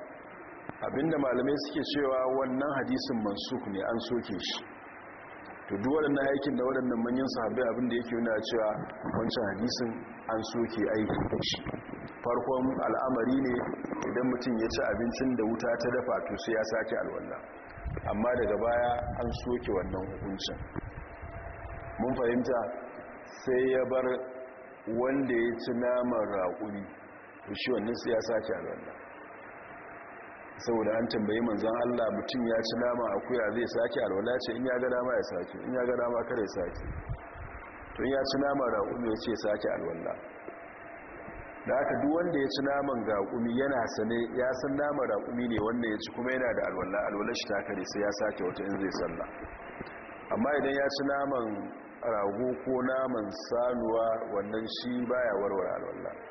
abinda malamai suke cewa wannan hadisin mansuk ne an soke shi to duk waɗannan aikin da waɗannan manyan sahabbai abinda yake yana cewa wancan hadisin an soke aiki da shi farkon al'amari ne idan mutum ya ci abincin da wuta ta dafa to sai ya sake alwallah amma daga baya an soke wannan hukuncin mun fahimta sai ya bar wanda ya ci naman raƙumi to shi wannan sai ya sake alwallah saboda an tambayi manzon Allah mutum ya ci nama akuya zai sake alwala ce in ya ga dama ya sake in ya ga dama kada ya sake to ya ci nama raƙumi ya ce sake alwala da haka duk wanda ya ci naman raƙumi yana sane ya san naman raƙumi ne wanda ya ci kuma yana da alwala alwala shi ta kare sai ya sake wata in zai sallah amma idan ya ci naman rago ko naman sanuwa wannan shi baya warware alwala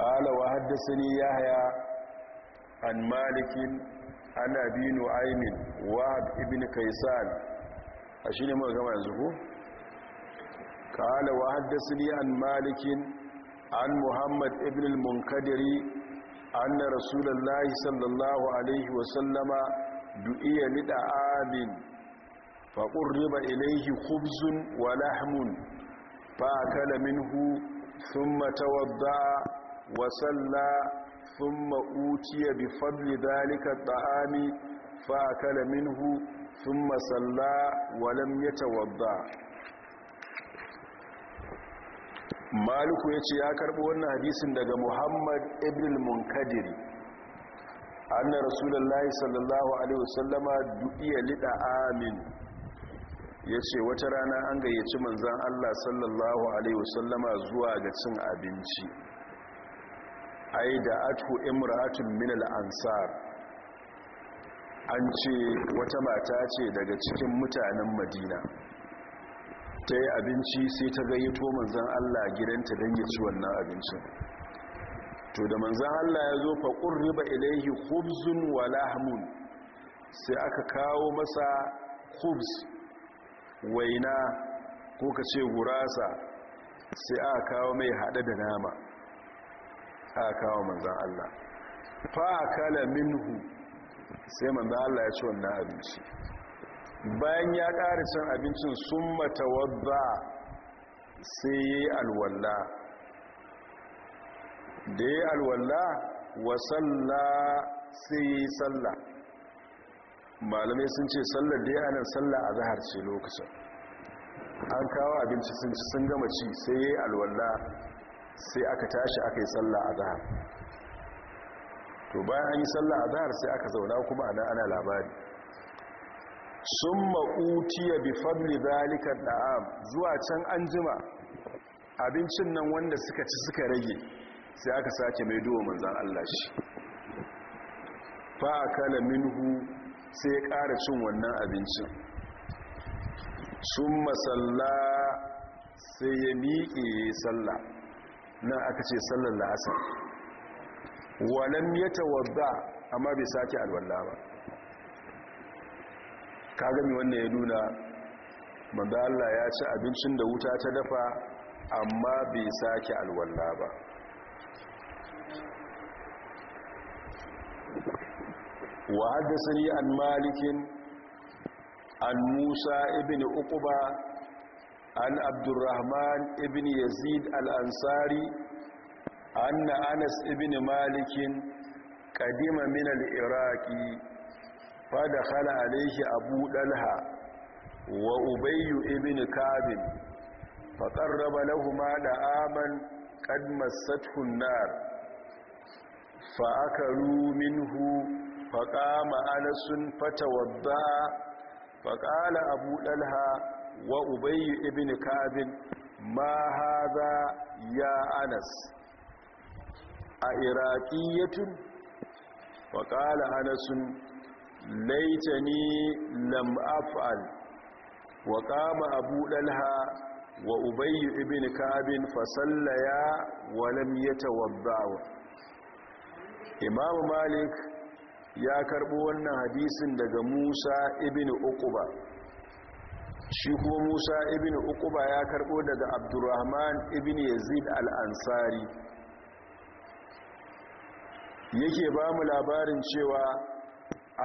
قال وحدثني يحيى عن مالك عن ابي نعيم وهب ابن كيسان اشي ne muka gama yanzu ko قال وحدثني عن مالك عن محمد ابن المنكدر أن رسول الله صلى الله عليه وسلم دعي لدعاب فقرب إليه خبز ولحم فأكل منه ثم توضأ wasalla sun ma'uciya bi fadli dalika ta'ami fa kala minhu sun masalla walam ya tawadda maliku ya ce ya karɓi wannan hadisin daga muhammad ibn munkadiri annar rasulullahi sallallahu alaihi wasallama du'iya liɗa amin ya ce wata rana an gayyaci manzan allah sallallahu alaihi wasallama zuwa ga cin abinci da atu imra'atun min al-ansar an ce wata mata ce daga cikin mutanen madina ta yi abinci sai ta gayyato manzan allah gidanta don ya ci wannan abincin to da manzan allah ya zo faƙur riba ilaihi khubzun wa lahmun sai aka kawo masa khubz waina ko kace gurasa sai aka kawo mai haɗe da nama aka kawo manzan Allah Fa kala minhu sai manzan Allah ya ci wannan abinci bayan ya ƙari cin abincin sun matawadda sai ya yi alwalla da ya yi alwalla wa salla sai ya yi salla malamai sun ce sallar da ya anan salla a zahar ce lokacin an kawo abinci sun sun gama ci sai ya yi alwalla sai aka tashi aka yi sallah a zahar to bayan an yi sallah a zahar sai aka zauna kuma ana ana labari sun ma'utiya bi fadli zalikar da'am zuwa can an jima abincin nan wanda suka ci suka rage sai aka sake mai duwa manzan Allah shi kala minhu sai ya ƙara cin wannan abincin sun masalla sai ya miƙe ya sallah nan aka ce sallar la'asar walam ya tawadda amma bai sake alwallah ba ka gami wannan ya nuna manzo Allah ya ci abincin da wuta ta dafa amma bai sake alwallah ba wa ni an malikin an musa ibn uquba an abdurrahman ibn yazid al-ansari anna anas ibn malikin kadima min al-iraqi Abuɗalha dakhala alayhi abu dalha wa ubay ibn kab fa qarraba lahumu da'aman qad massathu an-nar fa akalu minhu fa qama anas fa qala abu dalha wa ubayyu ibn kabil ma hadha ya anas a iraqiyatun wa qala anas laitani lam af'al wa qama abu dalha wa ubayyu ibn kabil fa sallaya wa lam yatawadda imam malik ya karbo wannan hadisin daga musa ibn uquba shi kuma musa ibn uquba ya karbo daga abdurrahman ibn yazid al-ansari yake ba mu labarin cewa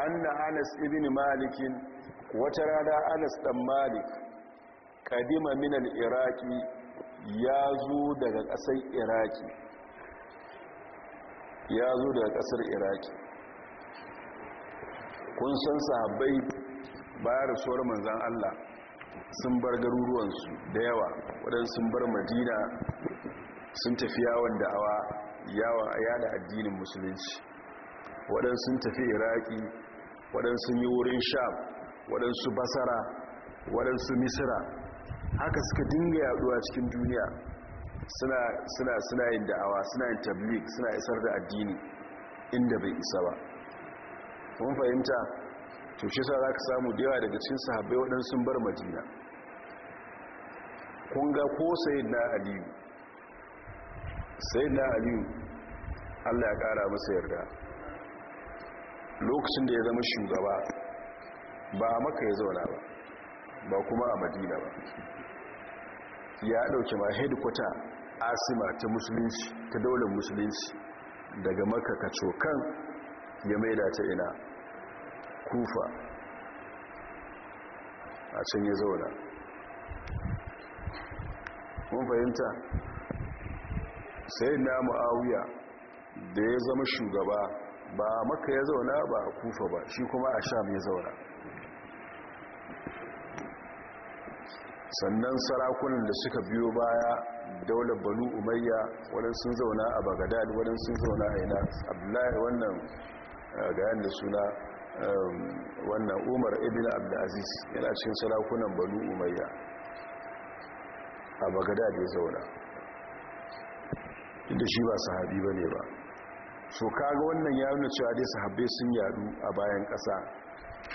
anna anas ibn malikin wata rana anas dan malik kadima min al-iraqi ya zo daga kasar iraki ya zo daga kasar iraki kun san sahabbai bayar suwar manzan Allah sun bar garuruwansu da yawa waɗansu sun bar madina sun tafi yawon da'awa yawon yada addinin musulunci waɗansu sun tafi iraki waɗansu yi wurin sham waɗansu basara waɗansu misira haka suka dinga yaduwa cikin duniya suna yin da'awa suna yin tablik suna isar da addini inda bai isa ba kuma fahimta tushe sa za ka samu da yawa daga cin sahabai waɗansu bar madina kun ga ko na aliyu na aliyu Allah ya kara masa yarda lokacin da ya zama shugaba ba a maka ya zauna ba ba kuma a madina ba ya dauke ma hedikwata asima ta musulunci ta daular musulunci daga maka cokan ya maida ta ina kufa a can ya zauna mun fahimta sai na ma'awiya da ya zama shugaba ba maka ya zauna ba a kufa ba shi kuma a sham ya zauna sannan sarakunan da suka biyo baya daular banu umayya wadanda sun zauna a bagadad wadanda sun zauna a ina abdullahi wannan eh, ga yadda suna eh, wannan umar ibn abdulaziz yana cikin sarakunan banu umayya a bagadad ya zauna inda shi ba sahabi ba ne ba so kaga wannan ya nuna cewa dai sahabbai sun yaɗu a bayan ƙasa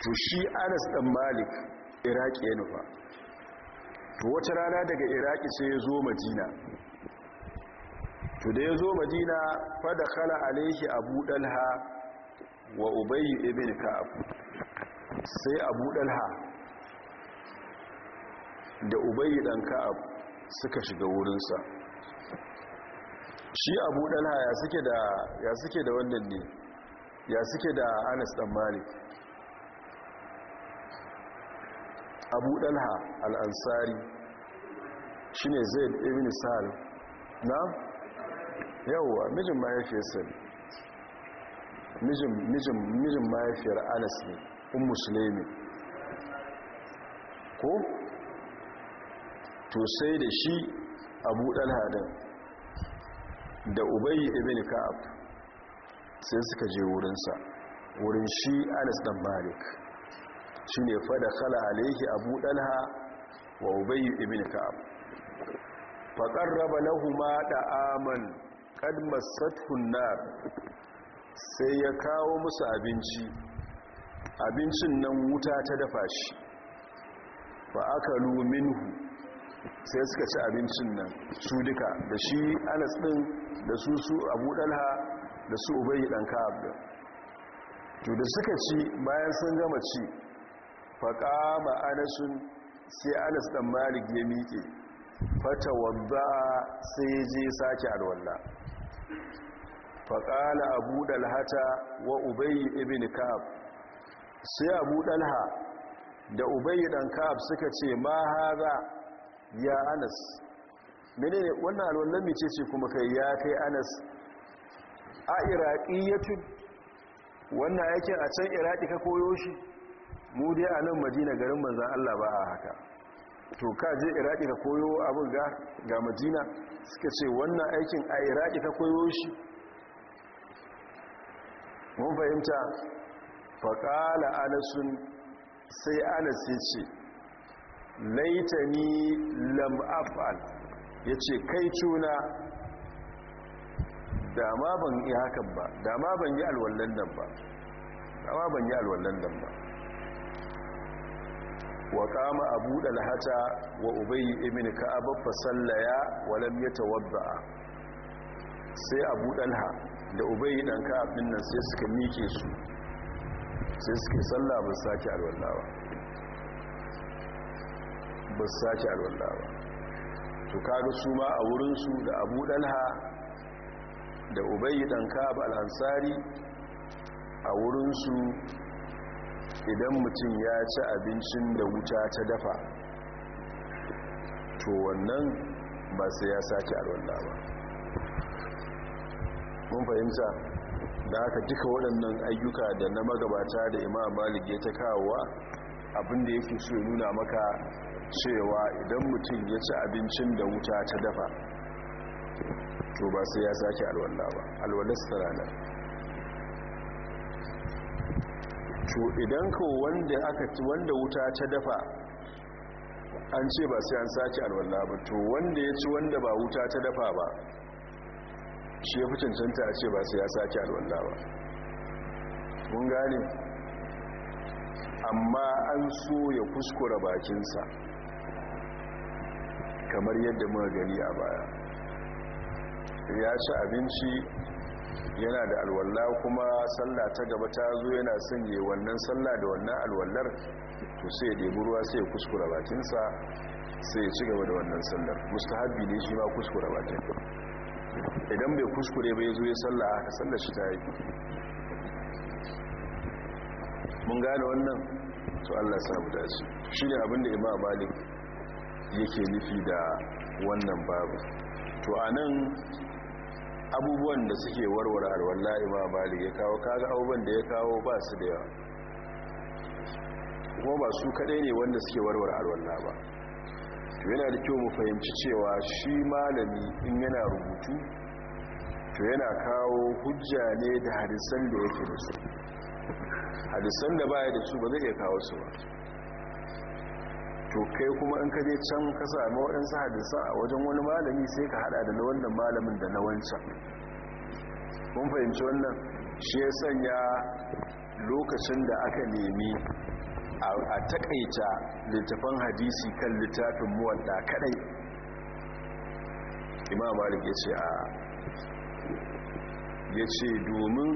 to shi anas ɗan malik iraki ya nufa to wata rana daga iraki sai ya zo majina to da ya zo majina fada kala alaihi abu dalha wa ubayy ibn ka'ab sai abu dalha da ubayy dan ka'ab suka shiga wurinsa shi abu dalha ya suke da wannan ne ya suke da anas dan malik abu dalha al'ansari shi ne zai ibn sal na yawwa mijin mahaifiyarsa mijin mahaifiyar anas ne un musulmi ko to sai da shi abu ɗalhadin da ubayi ibn ka'ab sai suka je wurinsa wurin shi anas ɗan malik shi ne fada kala alaihi abu ɗalha wa ubayi ibn ka'ab faƙar raba huma da aman ƙad masattun sai ya kawo musu abinci abincin nan wuta ta dafa shi ba aka luminhu sai suka ci abincin nan su duka da shi anas ɗin da su su abu ɗalha da su ubayi ɗan ka'ab da to da suka ci bayan sun gama ci ba anasun sai anas ɗan malik ya miƙe fata wadda sai ya je sake alwalla faƙala abu ɗalhata wa ubayi ibn ka'ab sai abu ɗalha da ubayu ɗan ka'ab suka ce ma haza ya anas Mene ne wannan alwallon mace ce kuma kai ya kai anas a iraqiyatun wannan yake a can iraqi ka koyo shi mu dai a nan madina garin manzan Allah ba a haka to ka je iraqi ka koyo abin ga ga madina suka ce wannan aikin a iraqi ka koyo shi mun fahimta faƙala anasun sai anas ya ce laitani lam'afal ya yace kai cuna dama ban yi hakan ba dama ban yi alwallon nan ba dama ban yi alwallon nan ba wa kama abu dalhata wa ubayy ibn ka fa sallaya walam ya tawadda sai abu dalha da ubayi dan ka abin nan sai suka miƙe su sai suka sallah ba sake alwallawa ba su sake alwallah ba to kaga su ma a wurinsu da abu dalha da ubayi dan kaba al-ansari a wurinsu idan mutum ya ci abincin da wuta ta dafa to wannan ba sai ya sake alwallah ba mun fahimta da haka duka waɗannan ayyuka da na magabata da imam malik ya ta kawowa abinda yake so nuna maka cewa idan mutum ya ci abincin da wuta ta dafa to ba sai ya sake alwala ba alwallar da. to idan ka wanda aka wanda wuta ta dafa an ce ba sai an sake alwala ba to wanda ya ci wanda ba wuta ta dafa ba shi ya fi cancanta a ce ba sai ya sake alwala ba mun gane amma an so ya kuskura bakinsa kamar yadda muka gani a baya ya ci abinci yana da alwalla kuma sallah ta gaba ta zo yana sanye wannan sallah da wannan alwallar to sai ya ɗebi ruwa sai ya kuskura bakinsa sai ya ci gaba da wannan sallar mustahabbi ne shi ma kuskura bakin idan bai kuskure bai zo ya sallah aka sallar shi ta yi mun gane wannan to Allah samu dace shi ne abinda imam malik yake nufi da wannan babu to a abubuwan da suke warware alwalla imam malik ya kawo kaga abubuwan da ya kawo ba su da yawa kuma ba su kadai ne wanda suke warware alwalla ba to yana da kyau mu fahimci cewa shi malami in yana rubutu to yana kawo hujja ne da hadisan da yake da su hadisan da baya da su ba zai iya kawo su ba to kai kuma in ka je can ka sami waɗansu hadisa a wajen wani malami sai ka hada da na wannan malamin da na wancan kun fahimci wannan shi ya sanya lokacin da aka nemi a takaita littafan hadisi kan littafin muwadda kadai imam malik ya ce a ya ce domin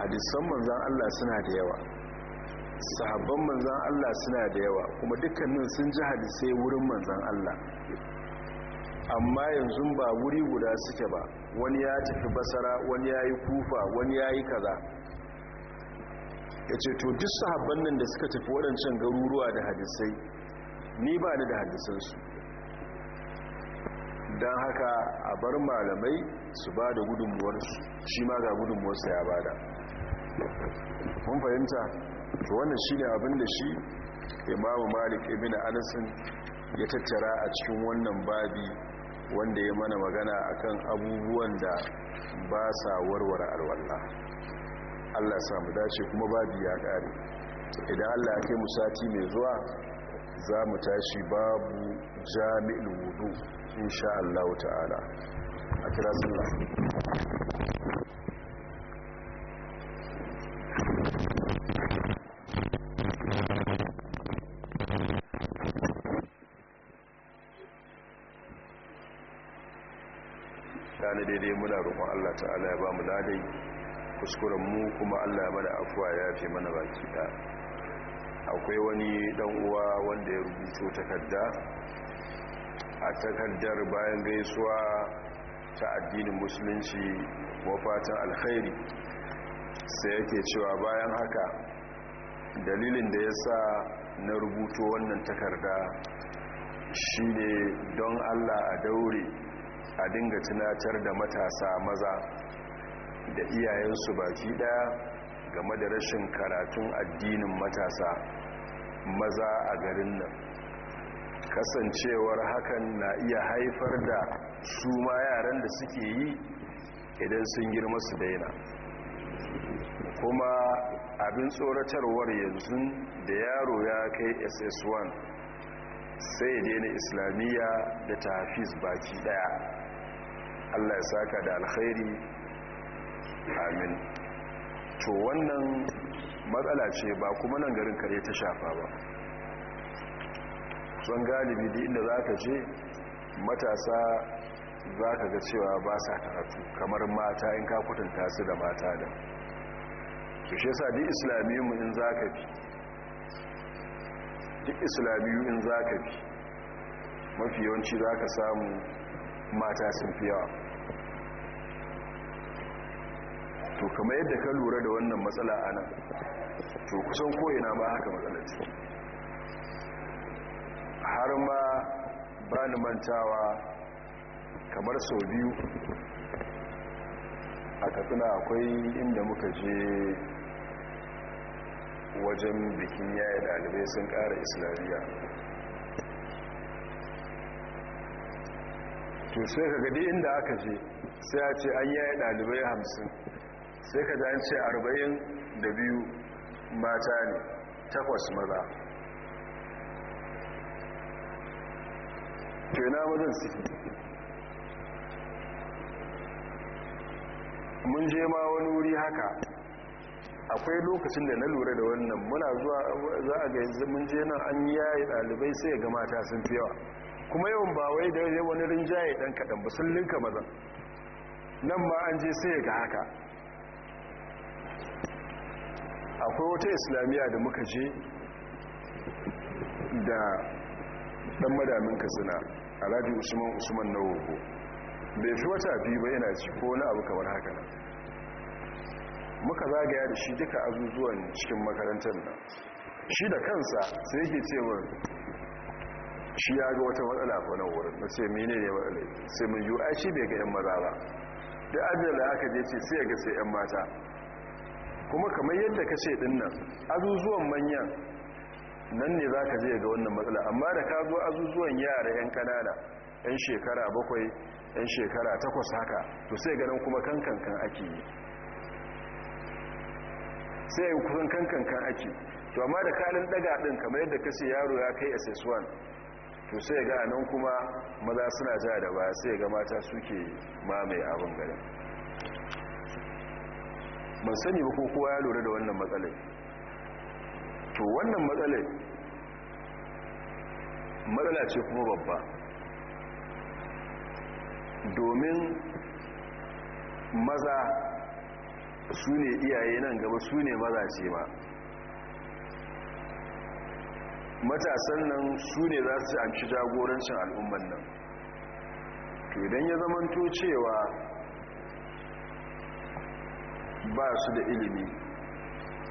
hadisan manzan allah suna da yawa sahabban manzan Allah suna da yawa kuma dukkanin sun ji hadisai wurin manzan Allah amma yanzu ba wuri guda suke ba wani ya tafi basara wani ya yi kufa wani ya yi kaza ya ce to duk sahabban nan da suka tafi waɗancan garuruwa da hadisai ni ba ni da hadisansu don haka a bar malamai su ba da gudunmuwarsu shi ma ga gudunmuwarsu ya bada Kun fahimta to wannan ne abin da shi imamu malik ibn alisun ya tattara a cikin wannan babi wanda ya mana magana akan abubuwan da ba sa warware alwallah Allah samu dace kuma babi ya kare idan Allah ya kai mu sati mai zuwa za mu tashi babu jami'in wudu sha Allah ta'ala a kira sallah na daidai muna rukun Allah ta'ala ya ba mu ladai kuskuren mu kuma Allah ya mana afuwa ya fi mana baki ta akwai wani dan uwa wanda ya rubuto takarda a takardar bayan gaisuwa ta addinin musulunci fatan alkhairi sai yake cewa bayan haka dalilin da ya sa na rubuto wannan takarda shi ne don allah a daure a dinga tunatar da matasa maza da iyayensu baki daya game da rashin karatun addinin matasa maza a garin nan kasancewar hakan na iya haifar da su ma yaran da suke yi idan sun girma su daina kuma abin tsoratarwar yanzu da yaro ya kai ss1 sai ya daina islamiyya da ta hafiz baki daya allah ya saka da alkhairi amin to wannan matsala ce ba kuma nan garin kare ta shafa ba son galibi da inda za ka je matasa za ka ga cewa ba sa karatu kamar mata in ka kwatanta su da mata da to shi yasa duk islamiyu mu in zaka bi duk islamiyu in zaka bi mafi yawanci zaka samu mata sun fi yawa to kamar yadda ka lura da wannan matsala a to kusan ko ina ba haka matsala ce har ma ba ni mantawa kamar sau biyu a katsina akwai inda muka je wajen bikin yaya dalibai sun kara islamiyya to sai ka gadi inda aka je sai a ce an yaya dalibai hamsin sai ka an arba'in da biyu mata ne takwas maza to na mazan suke mun je ma wani wuri haka akwai lokacin da na lura da wannan muna zuwa za a ga mun je nan an yayi dalibai sai ga mata sun fi yawa kuma yawan ba wai da wani rinjaye dan kadan ba sun linka mazan nan ma an je sai ga haka akwai wata islamiyya da muka je da ɗan madamin katsina alhaji usman usman nawogo bai fi wata biyu ba yana ci ko wani abu kamar haka na? muka zagaya da shi duka azuzuwan cikin makarantar nan shi da kansa sai yake cewa shi ya ga wata matsala a wani wurin na ce mene ne matsala sai mun yi ai bai ga yan maza ba da ajiyar da aka je ce sai ya ga yan mata kuma kamar yadda ka ce din nan azuzuwan manyan nan ne za ka je ga wannan matsala amma da ka zo azuzuwan yara yan kanana yan shekara bakwai yan shekara takwas haka to sai ganin kuma kankankan ake yi sai ya kusan kankan kan ake to amma da kalin daga din kamar yadda kace yaro ya kai ss1 to sai ga nan kuma maza suna ja da ba sai ga mata suke mamaye abin garin ban sani ba ko kowa ya lura da wannan matsalai to wannan matsalai matsala ce kuma babba domin maza su ne iyaye nan gaba su ne maza ce ba matasan nan su ne za su amshi jagorancin al'umman nan to idan ya zamanto cewa ba su da ilimi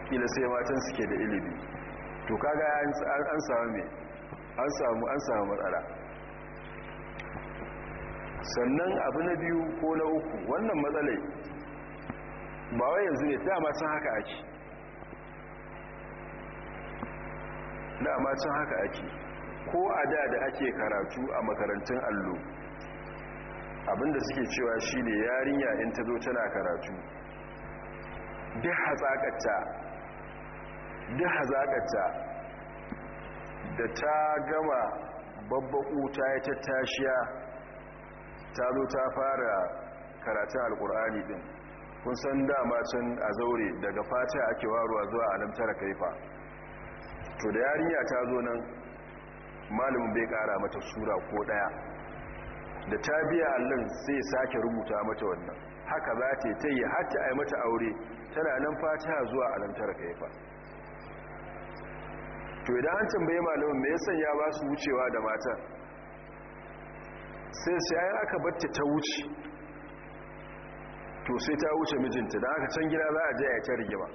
kila sai matan suke da ilimi to kaga an samu mai an samu an samu matsala sannan abu na biyu ko na uku wannan matsalai ba wai yanzu ne dama sun haka ake dama sun haka ake ko a da da ake karatu a makarantun allo abinda suke cewa shi ne yarinya in ta zo tana karatu duk hazaƙarta duk da ta gama babbaƙu ta yi tattashiya ta zo ta fara karatun alƙur'ani ɗin kun san dama can a zaure daga fata ake waruwa zuwa alamtara kaifa to da yarinya ta zo nan malamin bai kara mata sura ko daya da ta biya allon sai sake rubuta mata wannan haka za ta ta yi a yi mata aure tana nan fata zuwa alamtara kaifa to idan an tambaye malamin me yasan ya ba su wucewa da matan sai sai aka batta ta wuce to sai ta wuce mijinta da haka can gida za a je a yi ta rigima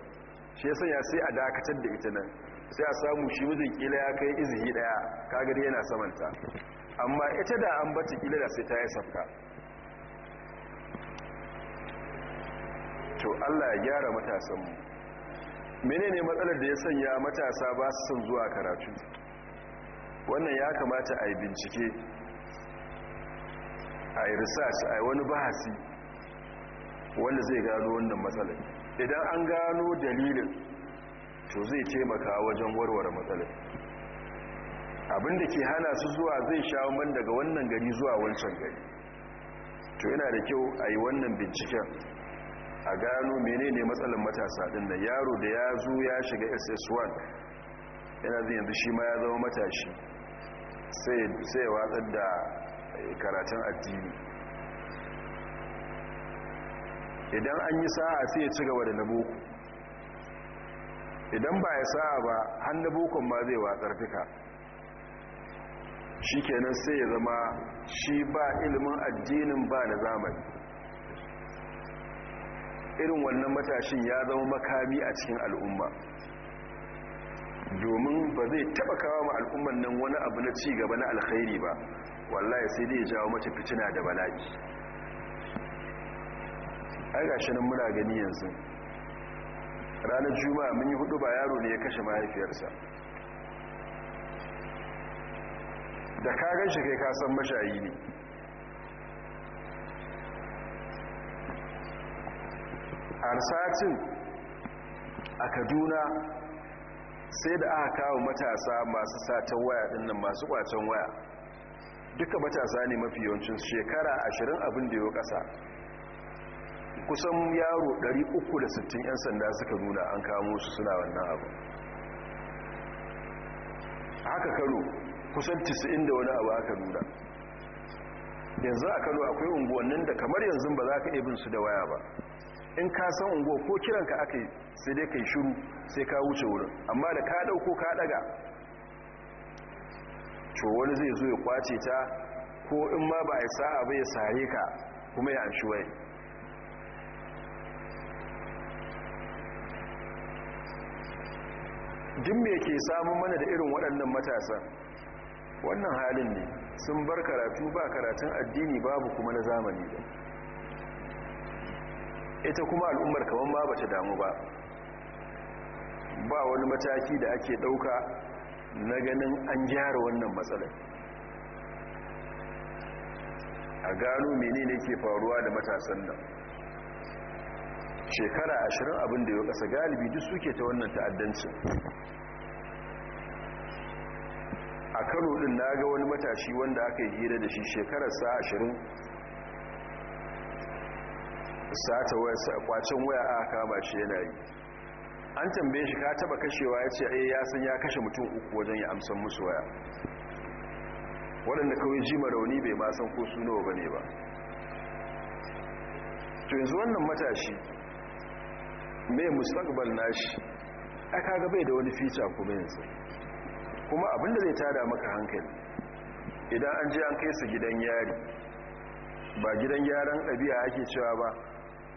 shi ya sanya sai a dakatar da ita nan sai a samu shi mijin kila ya kai izini daya kagari yana samanta amma ita da an bata kila da sai ta yi safka to allah ya gyara matasanmu ne matsalar da ya sanya matasa ba su son zuwa karatu wannan ya kamata a yi bincike a yi research a yi wani bahasi wanda zai gano wannan matsalar idan an gano dalilin to zai taimaka wajen warware matsalar abinda ke hana su zuwa zai sha man daga wannan gari zuwa wancan gari to yana da kyau a yi wannan binciken a gano menene matsalar matasa din da yaro da ya zo ya shiga ss1 yana zai yanzu shi ma ya zama matashi sai ya watsar da karatun addini idan an yi sa'a sai ya ci gaba da na idan ba ya sa'a ba har na bokon ba zai watsar fika shi kenan sai ya zama shi ba ilimin addinin ba na zamani irin wannan matashin ya zama makami a cikin al'umma domin ba zai taba kawo ma al'umman nan wani abu na ci gaba na alkhairi ba wallahi sai dai jawo mace fitina da bala'i ai gashi nan muna gani yanzu ranar juma'a mun yi hudu ba yaro ne ya kashe mahaifiyarsa da ka gan shi kai kasan mashayi ne satin, a kaduna sai da aka kawo matasa masu satan waya dinnan masu kwacen waya duka matasa ne mafi yawancin shekara ashirin abin da yau kasa kusan yaro 360 'yan sanda suka nuna an kamo su suna wannan abu haka kano kusan 90 da wani abu aka nuna yanzu a kano akwai unguwannin da kamar yanzu ba za ka ibin su da waya ba in ka san unguwa ko kiranka aka yi sai dai ka yi shuru sai ka wuce wurin amma da ka ɗauko ka ɗaga to wani zai zo ya kwace ta ko in ma ba a yi sa'a bai sare ka kuma ya anshi waya duk me ke samun mana da irin waɗannan matasa wannan halin ne sun bar karatu ba karatun addini babu kuma na zamani ba ita kuma al'ummar kaman ma ta damu ba ba wani mataki da ake ɗauka na ganin an gyara wannan matsalar a gano menene ke faruwa da matasan nan shekara ashirin abin da ya kasa galibi duk suke ta wannan ta'addancin a kano din na ga wani matashi wanda aka yi hira da shi shekarar sa ashirin sata kwacin waya aka kama shi yana yi an tambaye shi ka taba kashewa ya ce eh, ya san ya kashe mutum uku wajen ya amsan musu waya waɗanda kawai ji rauni bai ma san ko su nawa ba ne ba to yanzu wannan matashi mai mustaqbal nashi a kaga bai da wani fica kuma yanzu kuma abinda zai tara maka hankali idan an je an kai su gidan yari ba gidan yaran ɗabi'a ake cewa ba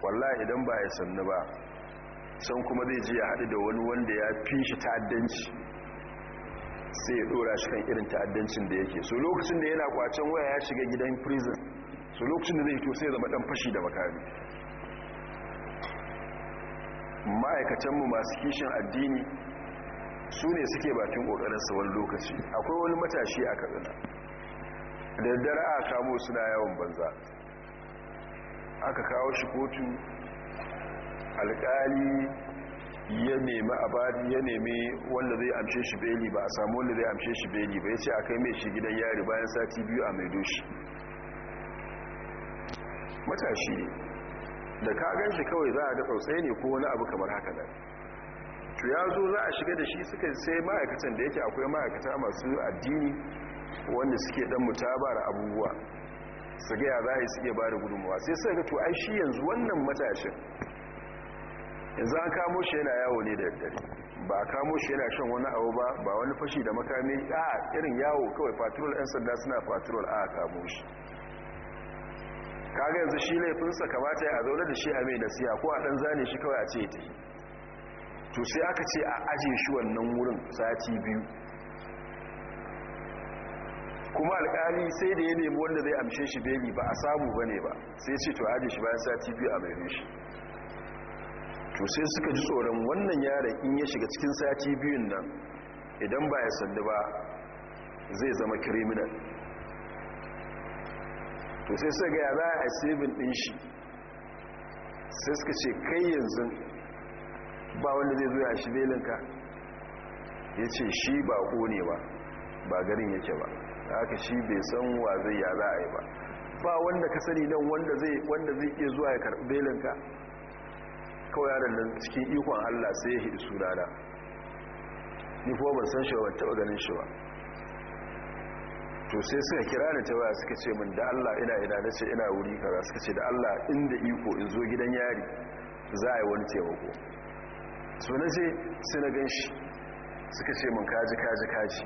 wallahi idan ba ya sannu ba san kuma zai ji ya haɗu da wani wanda ya fi shi ta'addanci sai ya ɗora shi kan irin ta'addancin da yake so lokacin da yana kwacen waya ya shiga gidan prison su lokacin da zai to sai zama ɗan fashi da makami ma'aikatanmu masu kishin addini su ne suke bakin ƙoƙarinsa wani lokaci akwai wani matashi a kaduna da daddare a kamo suna yawon banza aka kawo shi kotu alƙali ya nemi abadi ya nemi wanda zai amshe shi beli ba a samu wanda zai amshe shi beli ba ya ce a kai mai shi gidan yari bayan sati biyu a mai doshi matashi da ka gan shi kawai za a ga tausayi ne ko wani abu kamar haka nan to ya zo za a shiga da shi suka sai ma'aikatan da yake akwai ma'aikata masu addini wanda suke dan mutabara abubuwa su gaya za a yi suke ba da gudunmuwa sai sai ga to ai shi yanzu wannan matashin yanzu an kamo shi yana yawo ne da daddare ba a kamo shi yana shan wani abu ba ba wani fashi da makami a irin yawo kawai patrol 'yan sanda suna patrol a kamo shi kaga yanzu shi laifinsa kamata ya zaune da shi a mai nasiya ko a ɗan zane shi kawai a ce ta to sai aka ce a ajiye shi wannan wurin sati biyu kuma alƙali sai da ya nemi wanda zai amshe shi beli ba a samu ba ne ba sai ce to ajiye shi bayan sati biyu a mai shi to sai suka ji tsoron wannan yaron in ya shiga cikin sati biyun nan idan ba ya sandu ba zai zama criminal to sai suka gaya za a sabin din shi sai suka ce kai yanzu ba wanda zai zo shi belinka ya ce shi ba kone ba ba garin yake ba haka shi bai san wa zai ya za a yi ba ba wanda ka sani nan wanda zai iya zuwa ya karɓi belinka kawai yaran nan cikin ikon allah sai ya hidu sunana ni kuma ban san shi ba ban taɓa ganin shi ba to sai suka kira da tawaya suka ce min da Allah ina ina nace ina wuri kaza suka ce da Allah inda iko in zo gidan yari za a yi wani taimako so na ce sai na gan suka ce min kaji kaji kaji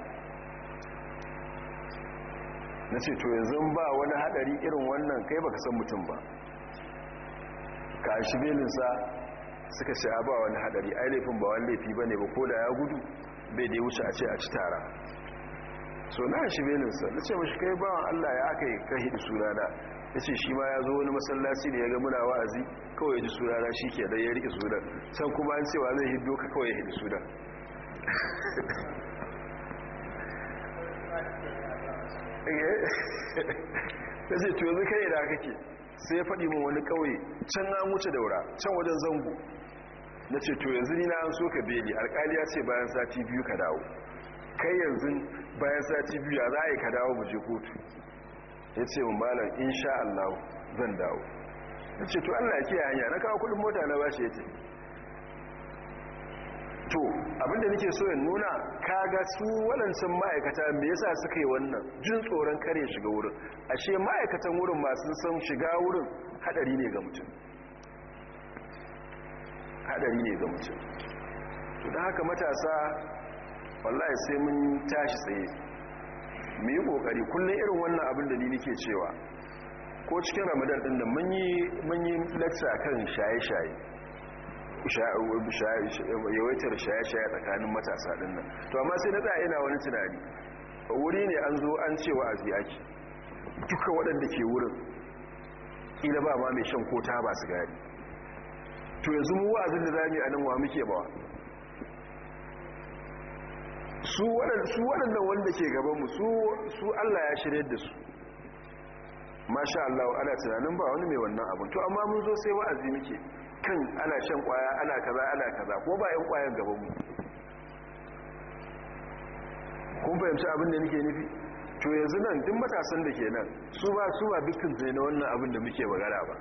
na ce to yanzu ba wani hadari irin wannan kai baka san mutum ba ka shi belinsa suka ce a ba wani hadari ai laifin ba wani laifi ba ne ba ko da ya gudu bai da ya wuce a ce a ci tara so na shi belinsa na ce mashi kai bawan allah ya aka yi kahi da sunana ya ce shi ma ya zo wani masallaci da ya ga muna wa'azi kawai ya ji sunana shi ke dan ya riƙe sunan can kuma an cewa zai hiddo ka kawai ya hidi sunan ta ce to yanzu kai da kake sai ya faɗi min wani ƙauye can na wuce daura can wajen zango na ce to yanzu ni na an so ka beli alƙali ya ce bayan sati biyu ka dawo kai yanzu bayan sati biyu ya za a yi ka dawo mu je kotu ya ce wa malam insha Allah zan dawo ya ce to Allah ya kiyaye hanya na kawo kudin mota na bashi ya ce to abinda nake so in nuna kaga su walancan ma'aikata me yasa suka yi wannan jin tsoron kare shiga wurin ashe ma'aikatan wurin masu san shiga wurin hadari ne ga mutum hadari ne ga mutum to don haka matasa wallahi sai mun tashi tsaye mu yi kokari kullum irin wannan abin da ni nake cewa ko cikin ramadan din da mun yi mun yi lecture kan shaye-shaye yawaitar shaye-shaye tsakanin matasa din nan to amma sai na tsaya ina wani tunani wuri ne an zo an cewa azi ake duka waɗanda ke wurin kila ba ma mai shan ko su gari. to yanzu mu wa'azin da zamu yi a nan wa muke ba su waɗannan wanda ke gabanmu su allah ya shirya da su masha allah ana tunanin ba wani mai wannan abin to amma mun zo sai wa'azi muke kan ana shan kwaya ana kaza ana kaza ko ba yan kwayan gabanmu kun fahimci abin da muke nufi to yanzu nan duk matasan da ke nan su ba su ba bikin zai na wannan abin da muke magana ba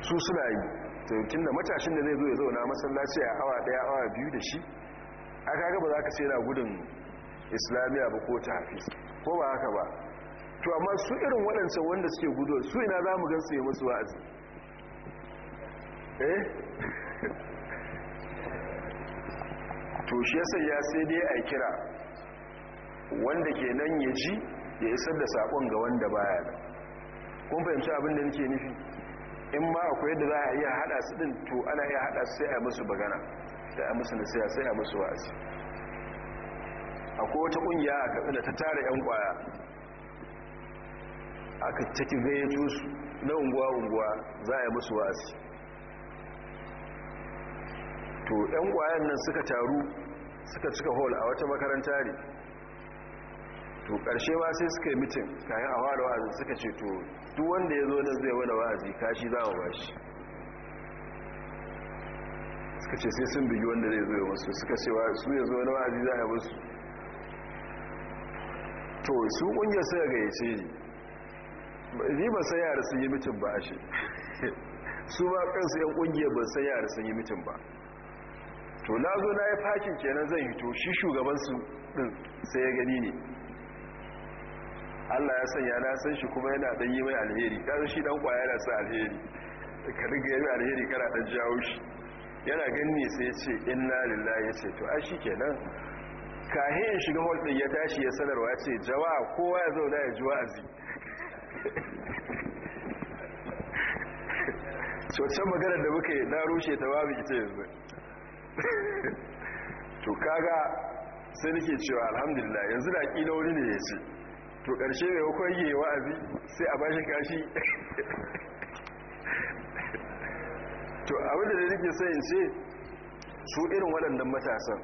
su suna yi to da matashin da zai zo ya zauna masallaci a awa daya awa biyu da shi aka ga ba za ka ce na gudun islamiyya ba ko tafis ko ba haka ba to amma su irin waɗancan wanda suke gudu su ina za mu gansu ya musu wa'azi eh to shi yasa ya sai dai a kira wanda ke nan ya ji ya isar da saƙon ga wanda baya kun fahimci abin da nake nufi in ma akwai yadda za a iya hada su din to ana iya hada su sai a musu bagana sai a musu nasiya sai a musu wa'azi akwai wata kungiya a katsina ta tara yan kwaya aka ciki gayyato su na unguwa-unguwa za a yi musu wa'azi to yan kwayan nan suka taru suka cika hall a wata makaranta ne to ƙarshe ma sai suka yi mitin kayan a wa'azin suka ce to duk wanda ya zo da zai wani wa'azi kashi za a bashi suka ce sai sun bigi wanda zai zo ya wasu suka ce su ya zo wani wa'azi za a wasu to su kungiyar sai ga yace ni ba sai yara sun yi mutum ba shi su ba kansu yan kungiyar ba sai yara sun yi mutum ba to na zo na yi fakin kenan zai hito shi shugabansu din sai ya gani ne Allah ya sanya na san shi kuma yana dan yi mai alheri kaza shi dan kwaya yana sa alheri ka riga yi alheri kana dan jawo shi yana ganni sai ya ce inna lillahi sai to ai kahin shiga mall ya tashi ya sanarwa ya ce jawa kowa ya zauna ya ji wa'azi cocin maganar da muka yi na rushe ta babu ita yanzu to kaga sai nake cewa alhamdulillah yanzu da kila wani ne ya ce to ƙarshe ne yakon yi wa'azi sai a bashi kashi to abinda da nake sayin ce su irin waɗannan matasan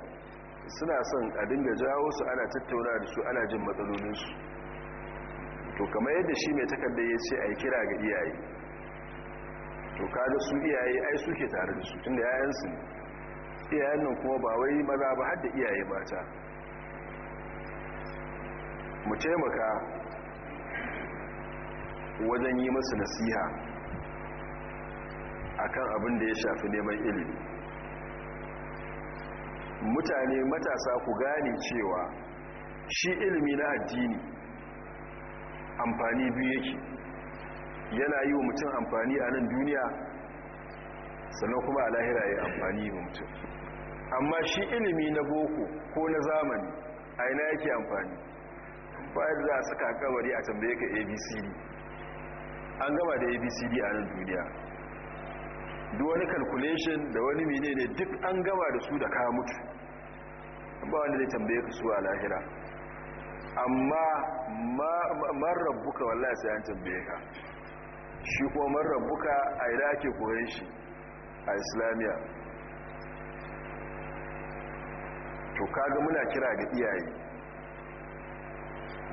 suna son a dinga jawo su ana tattauna da su ana jin matsalolinsu to kamar yadda shi mai takardar ya ce a yi kira ga iyaye to kada su iyaye ai suke tare da su da yayansu ne iyayen nan kuma ba wai maza ba har da iyaye mata mu taimaka wajen yi masu nasiha akan abin da ya shafi neman ilimi mutane matasa ku gane cewa shi ilimi na addini amfani biyu yake yana yi wa mutum amfani a nan duniya sannan kuma a lahira ya amfani wa mutum amma shi ilimi na boko ko na zamani a ina yake amfani bayan za a saka kawari a tambaye ka abcd an gama da abcd a nan duniya duk wani calculation da wani mine ne duk an gama da su da ka mutu ba wanda zai tambaye ka su a lahira amma man rabbuka wallahi sai an tambaye ka shi ko man rabbuka a ina ake koyon shi a islamiyya to kaga muna kira ga iyaye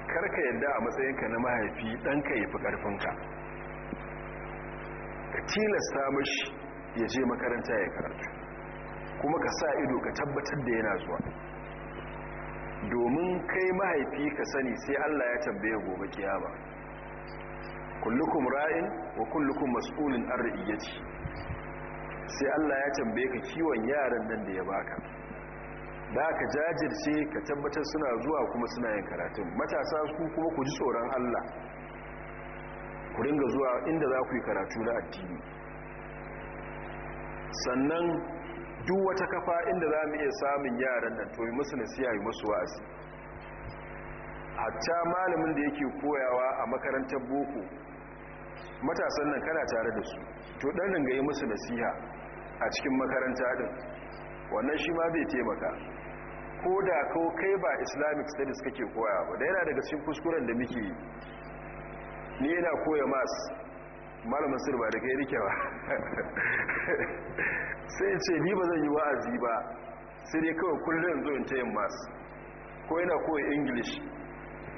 karka yadda a matsayinka na mahaifi ɗanka ya fi ƙarfinka ka tilasta mashi ya je makaranta ya karatu kuma ka sa ido ka tabbatar da yana zuwa domin kai mahaifi ka sani sai allah ya tambaye gobe kiyama Kullukun ra'in wa kullukun mas'ulin an sai allah ya tambaye ka kiwon yaran nan da ya baka da ka jajirce ka tabbatar suna zuwa kuma suna yin karatun matasa su kuma ku ji tsoron Allah ku ringa zuwa inda za ku yi karatu na addini sannan duk wata kafa inda za mu iya samun yaran nan to yi musu nasiya yi musu wa'azi hatta malamin da yake koyawa a makarantar boko matasan nan kana tare da su to dan ringa yi musu nasiha a cikin makaranta din wannan shi ma zai taimaka ko da kawo kai ba islamic studies kake koya ba da yana daga cikin kuskuren da muke yi ni yana koya mas malamin sirba da kai rike ba sai ce ni ba zan yi wa'azi ba sai dai kawai kullum zo in ta yin mas ko yana koya english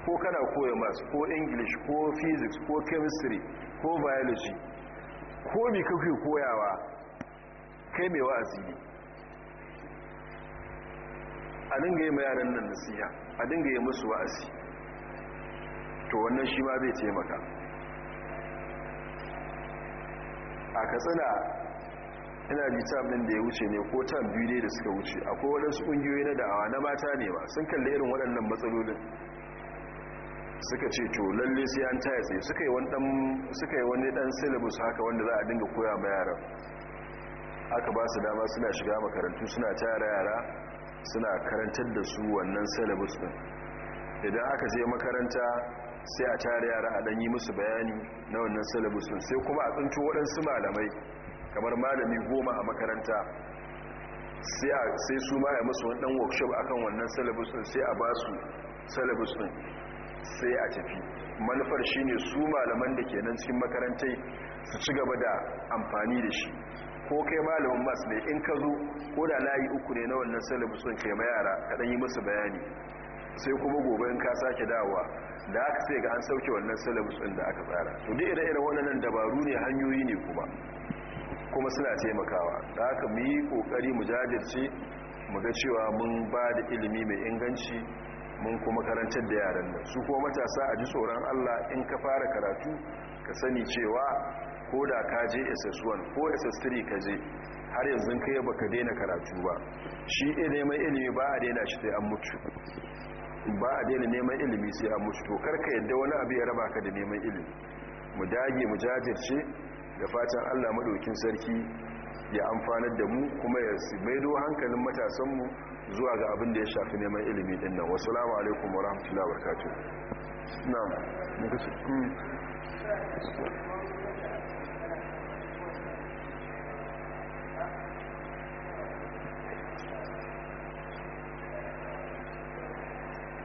ko kana koya mas ko english ko physics ko chemistry ko biology ko mi kake koyawa kai mai wa'azi ne a dinga yi yaran nan nasiha a dinga yi musu wa'azi to wannan shi ma bai taimaka a katsina ina ji tabin da ya wuce ne ko tan biyu ne da suka wuce akwai waɗansu ƙungiyoyi na da'awa na mata ne ba sun kalli irin waɗannan matsalolin suka ce to lalle sai an taya tsaye suka yi wani ɗan syllabus haka wanda za a dinga koya ma yaran aka ba su dama suna shiga makarantu suna tara yara suna karantar da su wannan syllabus din idan aka je makaranta sai a tare yara a danyi musu bayani na wannan syllabus din sai kuma a tsinto waɗansu malamai kamar malami goma a makaranta sai su ma ya musu wannan workshop akan wannan syllabus din sai a ba su syllabus din sai a tafi manufar shine su malaman da ke nan cikin makarantai su ci gaba da amfani da shi ko kai malamin mas ne in ka zo ko da layi uku ne na wannan salibusun ke mayara kaɗan yi musu bayani sai kuma gobe in ka sake dawa da aka sai ga an sauke wannan salibusun da aka tsara to duk ire-iren wannan dabaru ne hanyoyi ne kuma kuma suna taimakawa da aka mu yi ƙoƙari mu jajirce mu ga cewa mun ba da ilimi mai inganci mun kuma karantar da yaran nan su kuma matasa a ji tsoron allah in ka fara karatu ka sani cewa ko da ka je ss1 ko ss3 ka je har yanzu kai baka daina karatu ba shi neman ilimi ba a daina shi sai an mutu ba a daina neman ilimi sai an mutu to karka yadda wani abu ya raba ka da neman ilimi mu dage mu jajirce da fatan allah madaukin sarki ya amfanar da mu kuma ya maido hankalin matasanmu zuwa ga abin da ya shafi neman ilimi din nan wasu lamu alaikum wa rahmatullahi wa barakatuh na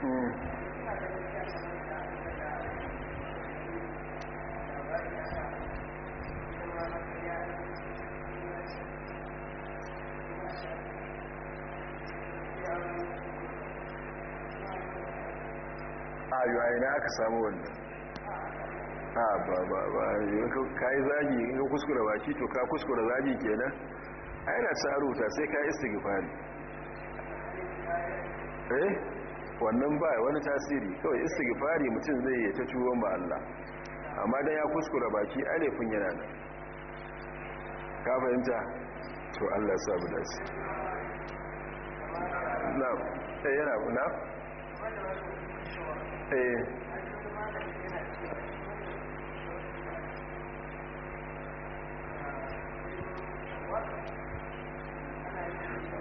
ayu a aka samu wannan a ba ba ba ka yi zagi in ka kuskura baki to ka kuskura zagi kenan a yana sai ka yi istighfari eh wannan ba wani tasiri kawai istighfari mutum zai yi ta tuwon ba Allah amma dan ya kuskura baki alifin yana nan ka fahimta to Allah ya mu dace na eh yana na eh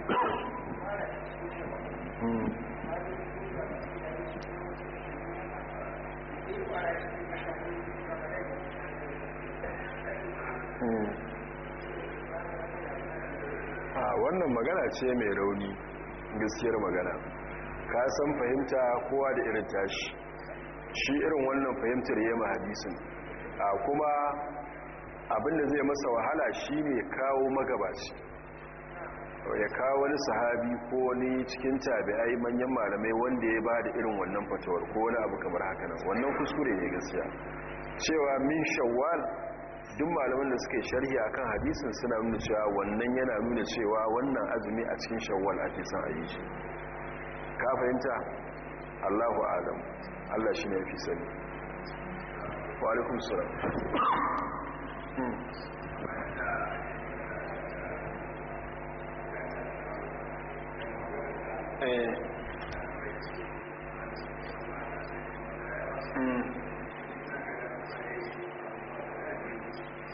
Thank you. wannan magana ce mai rauni gaskiyar magana ka san fahimta kowa da irin tashi shi irin wannan fahimtar ya ma hadisun a kuma abinda zai masa wahala shi ne kawo magabaci ya kawo wani sahabi ko wani cikin tabi'ai manyan malamai wanda ya ba da irin wannan fatowar ko wani abu kamar haka nan wannan kuskure ne gaskiya cewa min shawwal duk malaman da suke sharhi akan hadisun suna nuna cewa wannan yana nuna cewa wannan azumi a cikin shawwal ake son a yi shi ka fahimta Allahu alam Allah shi ne fi sani wa sura Mm-hmm. Eh. Hmm.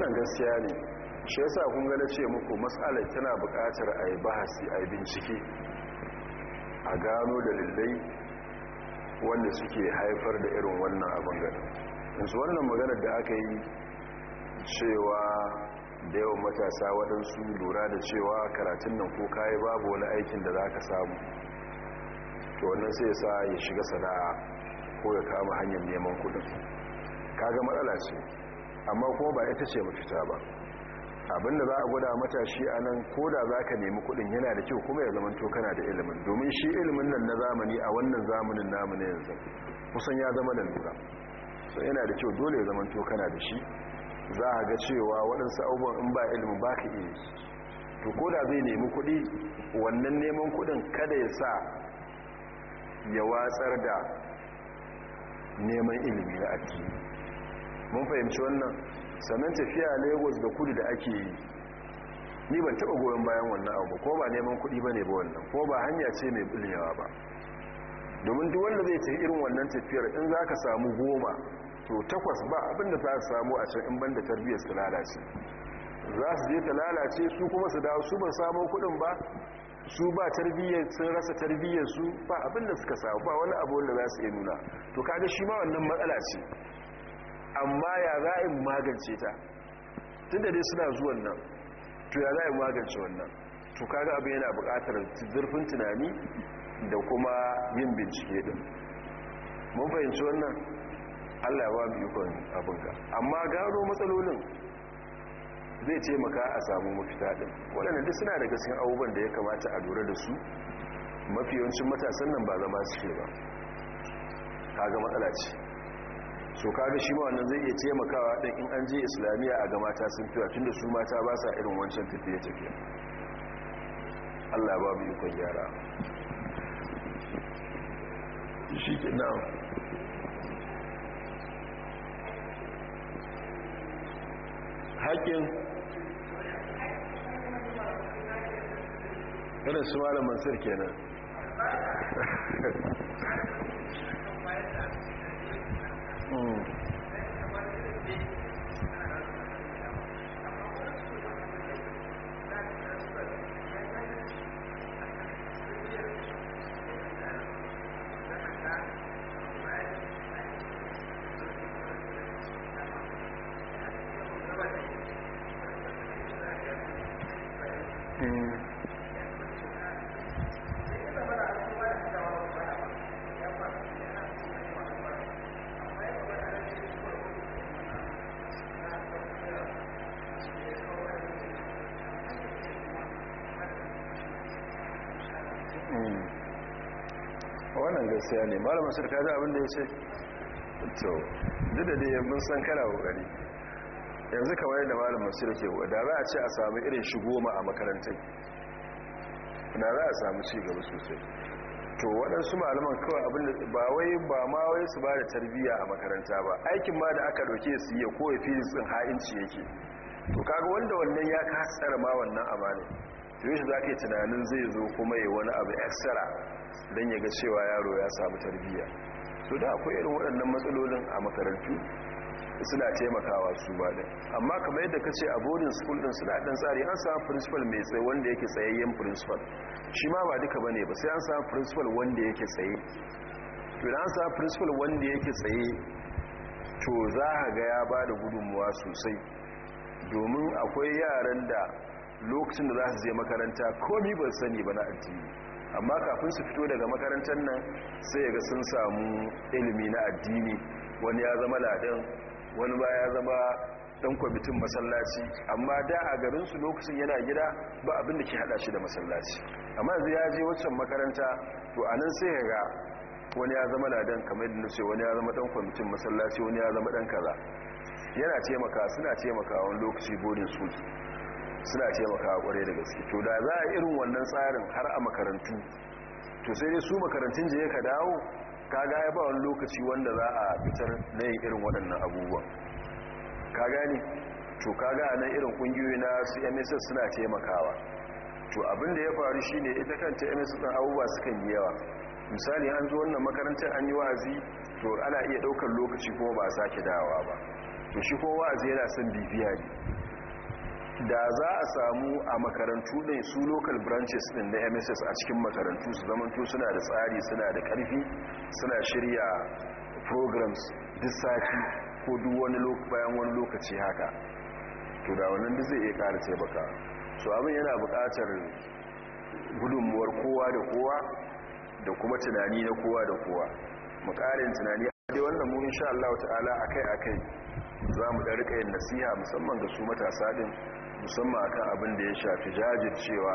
wannan gaskiya ne shi yasa kun ga ce muku matsalar tana buƙatar a yi bahasi a yi bincike a gano dalilai wanda suke haifar da irin wannan abin gani yanzu wannan maganar da aka yi cewa da yawan matasa waɗansu lura da cewa karatun nan ko kayi babu wani aikin da za ka samu to wannan sai sa ya shiga sana'a ko ya kama hanyar neman kudin kaga matsala ce amma kuma ba ita ce mafita ba abinda za a gwada mata shi a nan ko da za ka nemi kudin yana da kyau kuma ya zama to kana da ilimin domin shi ilimin nan na zamani a wannan zamanin namu na yanzu kusan ya zama da lura so yana da kyau dole ya zama to kana da shi za a ga cewa waɗansu abubuwan in ba ilimin ba ka iya to ko da zai nemi kuɗi wannan neman kuɗin kada ya sa ya watsar da neman ilimi na addini mun fahimci wannan sannan tafiya lagos da kudu da ake yi ni ban taɓa goyon bayan wannan abu ko ba neman kuɗi ba ne ba wannan ko ba hanya ce mai bulewa ba domin duk wanda zai ce irin wannan tafiyar in za ka samu goma to takwas ba abinda za su samu a can in ban da tarbiyyar su lalace za su je ta lalace su kuma su dawo su ban samu kuɗin ba su ba tarbiyyar sun rasa tarbiyyar su ba abinda suka samu ba wani abu wanda za su iya nuna to kaga shi ma wannan matsala ce amma ya za a yi magance ta tun da dai suna zuwan nan to ya za a yi magance wannan to kaga abin yana bukatar zurfin tunani da kuma yin bincike din mun fahimci wannan allah ya wabi ikon abinka amma gano matsalolin zai taimaka a samu mafita din waɗanda duk suna da gaskin abubuwan da ya kamata a lura da su mafi yawancin matasan nan ba zama suke ba kaga matsala ce so kaga shi ma wannan zai iya taimakawa dan in an je islamiyya a ga mata sun fiya tunda su mata ba sa irin wancan tafiye tafiye Allah babu ikon yara shi ke nan haƙin irin su malaman sir kenan Oh. gaskiya ne malamin sarka da abin ya ce to duk da dai mun san kana kokari yanzu kamar yadda malamin sarki ke da za a ce a samu irin shigo ma a makarantar da za a samu ci gaba sosai to waɗansu malaman kawai abin da ba wai ba ma wai su ba da tarbiyya a makaranta ba aikin ma da aka ɗauke su yi ko filin tsin ha'inci yake to kaga wanda wannan ya kasar ma wannan amana to yi shi za ka yi tunanin zai zo kuma yi wani abu extra don ya ga cewa yaro ya samu tarbiyya to da akwai irin waɗannan matsalolin a makarantu suna taimakawa su ba da amma kamar yadda ka ce a boarding school din suna ɗan tsari an samu principal mai tsaye wanda yake tsayayyen principal shi ma ba duka bane ba sai an samu principal wanda yake tsaye to da an samu principal wanda yake tsaye to za a ga ya ba da gudunmuwa sosai domin akwai yaran da lokacin da za su je makaranta komi ba sani ba na addini amma kafin su fito daga makarantar nan sai ga sun samu ilimi na addini wani ya zama ladan wani ba ya zama dan kwamitin masallaci amma da a garin su lokacin yana gida ba abin da ke hada shi da masallaci amma zai ya je waccan makaranta to a nan sai ga wani ya zama ladan kamar yadda nace wani ya zama dan kwamitin masallaci wani ya zama dan kaza yana taimaka suna taimaka wani lokaci burin su suna taimakawa kware da gaske to da za a irin wannan tsarin har a makarantu to sai dai su makarantun je ka dawo kaga ya ba wani lokaci wanda za a fitar na yin irin waɗannan abubuwa ka gani to kaga a nan irin ƙungiyoyi na su mss suna taimakawa to abin da ya faru shine ita kanta mss ɗin abubuwa sukan yi yawa misali an zo wannan makarantar an yi wa'azi to ana iya ɗaukar lokaci kuma ba a sake dawowa ba to shi ko wa'azi yana son bibiya ne da za a samu a makarantu ne su local branches din na mss a cikin makarantu su zamanto suna da tsari suna da karfi suna shirya programs duk sati ko duk wani bayan wani lokaci haka to da wannan da zai iya ƙara taimaka so abin yana buƙatar gudunmuwar kowa da kowa da kuma tunani na kowa da kowa mu tunani a dai wannan mu insha Allah ta'ala akai-akai za mu ɗarika yin nasiha musamman ga su matasa din musamman akan abin da ya shafi jajircewa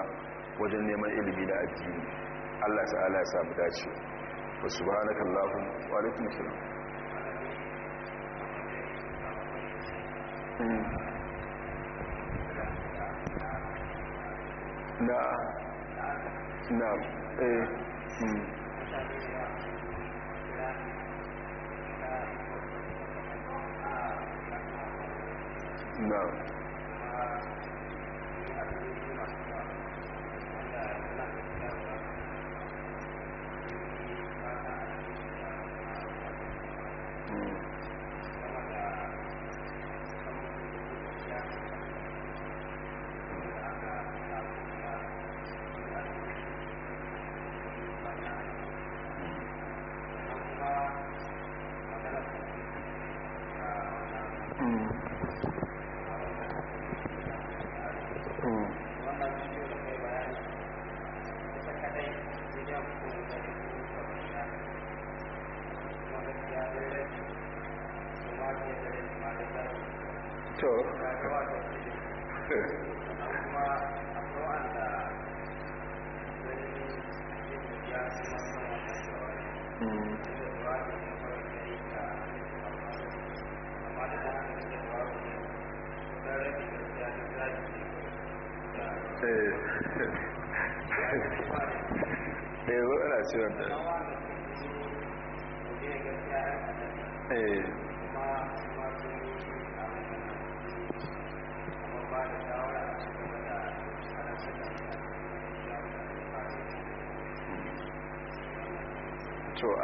wajen neman ilimi da addini Allah ta'ala ya samu dace wa subhanaka allahum wa alaikum salam hmm. na na eh hmm. na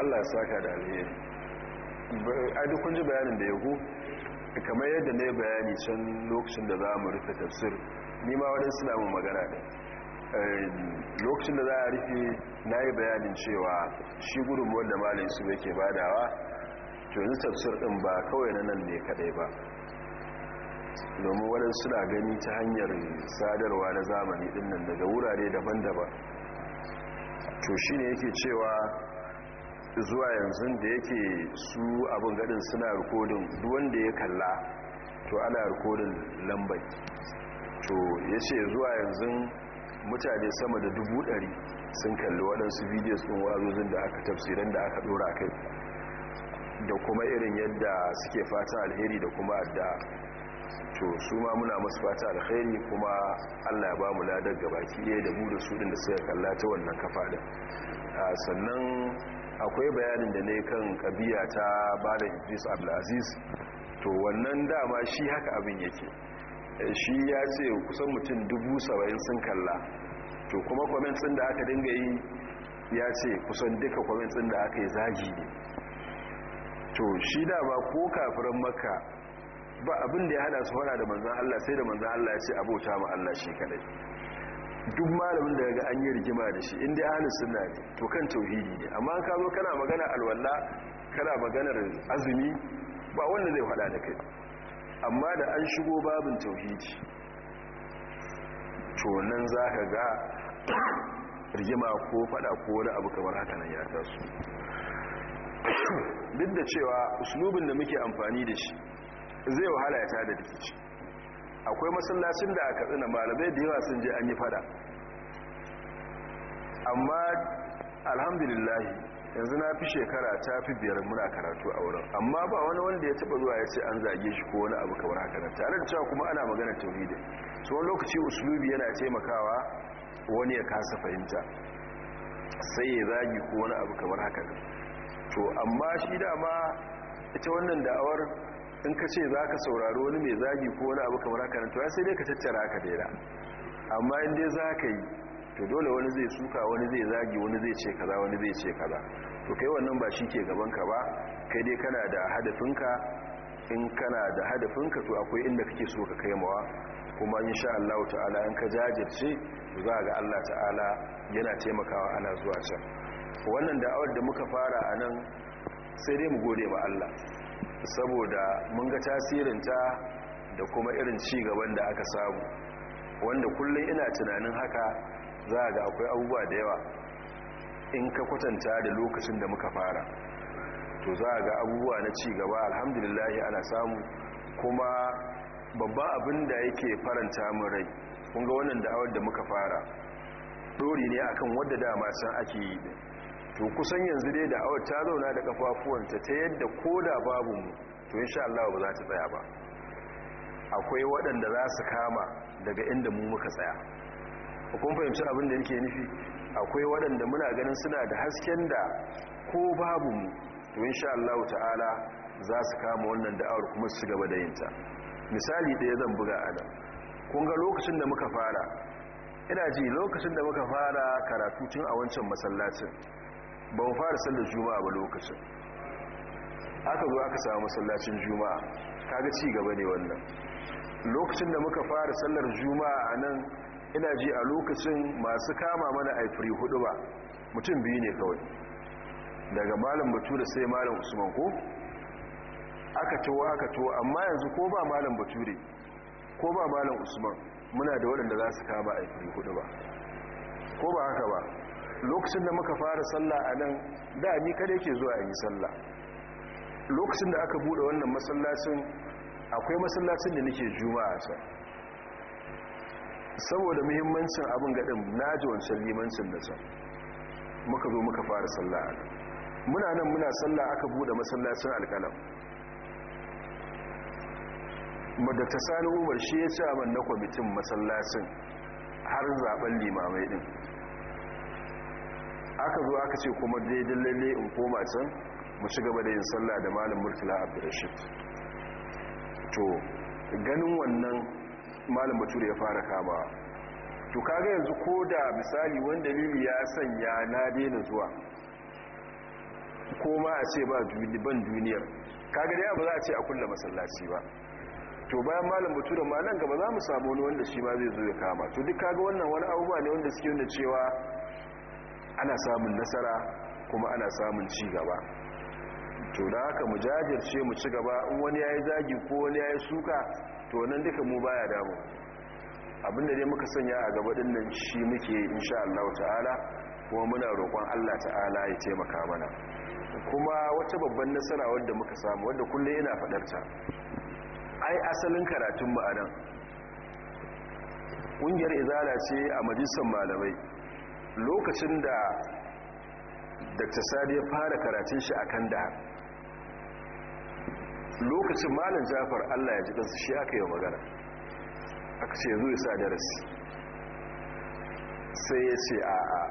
Allah ya saka da alheri a duk kun ji bayanin da yahu kamar yadda na yi bayani can lokacin da za mu rufe tafsir ni ma suna mu magana ne eh, lokacin da za a rufe na yi bayanin cewa shi gudunmuwar da malin su yake badawa yanzu tafsir ɗin ba kawai na nan ne kaɗai ba domin waɗansu suna gani ta hanyar sadarwa na zamani ɗin daga wurare daban-daban to shi ne yake cewa zuwa yanzu da yake su abin gadin suna rikodin duwanda ya kalla to ana rikodin lambar to ya ce zuwa yanzu mutane sama da dubu ɗari sun kalli waɗansu bidiyos ɗin wazozin da aka tafsirin da aka ɗora kai da kuma irin yadda suke fata alheri da kuma adda to su ma muna masu fata alheri kuma allah ya ba mu ladar gabaki ɗaya da mu da su ɗin da suka kalla ta wannan kafa ɗin sannan akwai bayanin da ne kan kabiya ta bada idris abdulaziz to wannan dama shi haka abin yake eh, shi ya ce kusan mutum dubu saba'in sun kalla to kuma kwamitin da aka dinga yi ya ce kusan duka kwamitin da aka yi zagi ne to shi dama ko kafirin maka ba abin da ya hada su hada da manzan allah sai da manzan allah ya ce abota ma allah shi kadai duk malamin da ga an yi rigima da shi inda ahalin suna ne to kan tauhidi ne amma ka zo kana magana alwala kana maganar azumi ba wannan zai faɗa da kai amma da an shigo babin tauhidi to nan za ka ga rigima ko faɗa ko wani abu kamar haka nan ya taso duk da cewa uslubin da muke amfani da shi zai wahala ya tada rikici akwai masallacin da aka tsina malamai da yawa sun je an yi fada amma alhamdulillahi yanzu na fi shekara ta fi biyar muna karatu a wurin amma ba wani wanda ya taba zuwa ya ce an zage shi ko wani abu kamar haka nan tare da cewa kuma ana magana tauhidi so wani lokaci usulubi yana taimakawa wani ya kasa fahimta sai ya zagi ko wani abu kamar haka nan to amma shi dama ita wannan da'awar in ka ce za ka saurari wani mai zagi ko wani abu kamar haka to sai dai ka tattara aka daina amma in dai za ka yi to dole wani zai suka wani zai zagi wani zai ce kaza wani zai ce kaza to kai wannan ba shi ke gabanka ba kai dai kana da hadafinka in kana da hadafinka to akwai inda kake so ka kai mawa kuma insha Allah ta'ala in ka jajirce za ga Allah ta'ala yana taimakawa ana zuwa can wannan da'awar da muka fara a nan sai dai mu gode wa Allah saboda mun ga tasirinta da kuma irin ci gaban da aka samu wanda kullum ina tunanin haka za ga akwai abubuwa da yawa in ka kwatanta da lokacin da muka fara to za ga abubuwa na cigaba alhamdulillahi ana samu kuma babban abin da yake faranta mun rai kun ga wannan da'awar da muka fara dori ne akan wadda dama san ake yi to kusan yanzu dai da awar ta zauna da kafafuwanta ta yadda ko da babu mu to sha Allah ba za ta tsaya ba akwai waɗanda za su kama daga inda mu muka tsaya kuma fahimci abin da yake nufi akwai waɗanda muna ganin suna da hasken da ko babu mu to sha Allah ta'ala za su kama wannan da'awar kuma su gaba da yinta misali ɗaya zan buga ana kun ga lokacin da muka fara ina ji lokacin da muka fara karatu tun a wancan masallacin ba mu fara sallar juma'a ba lokacin aka zo aka samu masallacin juma'a kaga ci gaba ne wannan lokacin da muka fara sallar juma'a a nan ina ji a lokacin masu kama mana aifiri hudu ba mutum biyu ne kawai daga malam bature sai malam usman ko aka towa aka towa amma yanzu ko ba malam bature ko ba malam usman muna da waɗanda za su kama aifiri hudu ba ko ba haka ba lokacin da muka fara sallah a nan da ni kada yake zuwa a yi sallah lokacin da aka bude wannan masallacin akwai masallacin da nake juma'a sa saboda muhimmancin abin gadin na ji wancan limancin da sa muka zo muka fara sallah a nan muna nan muna sallah aka bude masallacin alkalam ta sani umar shi ya ci a na kwamitin masallacin har zaben limamai din aka zo aka ce kuma daidai lalle in koma can mu ci gaba da yin sallah da malam murtala abdurrashid to ganin wannan malam bature ya fara kama to kaga yanzu ko da misali wanda lili ya sanya na daina zuwa ko ma a ce ba ban duniyar kaga da ba za a ce a kulla masallaci ba to bayan malam bature ma nan gaba za mu samu wani wanda shi ma zai zo ya kama to duk kaga wannan wani abubuwa ne wanda suke wanda cewa ana samun nasara kuma ana samun ci gaba to da haka mu jajirce mu ci gaba in wani yayi zagi ko wani yayi suka to nan duka mu baya damu abinda dai muka sanya a gaba din nan shi muke insha Allah ta'ala kuma muna roƙon Allah ta'ala ya taimaka mana kuma wata babban nasara wanda muka samu wadda kullum ina ta ai asalin karatun mu a nan ƙungiyar izala ce a majalisar malamai lokacin da dr sadi ya fara karatun shi a kan da lokacin malin jafar allah ya ji ɗansu shi aka yi magana aka ce zuwa sa darasi sai ya ce a a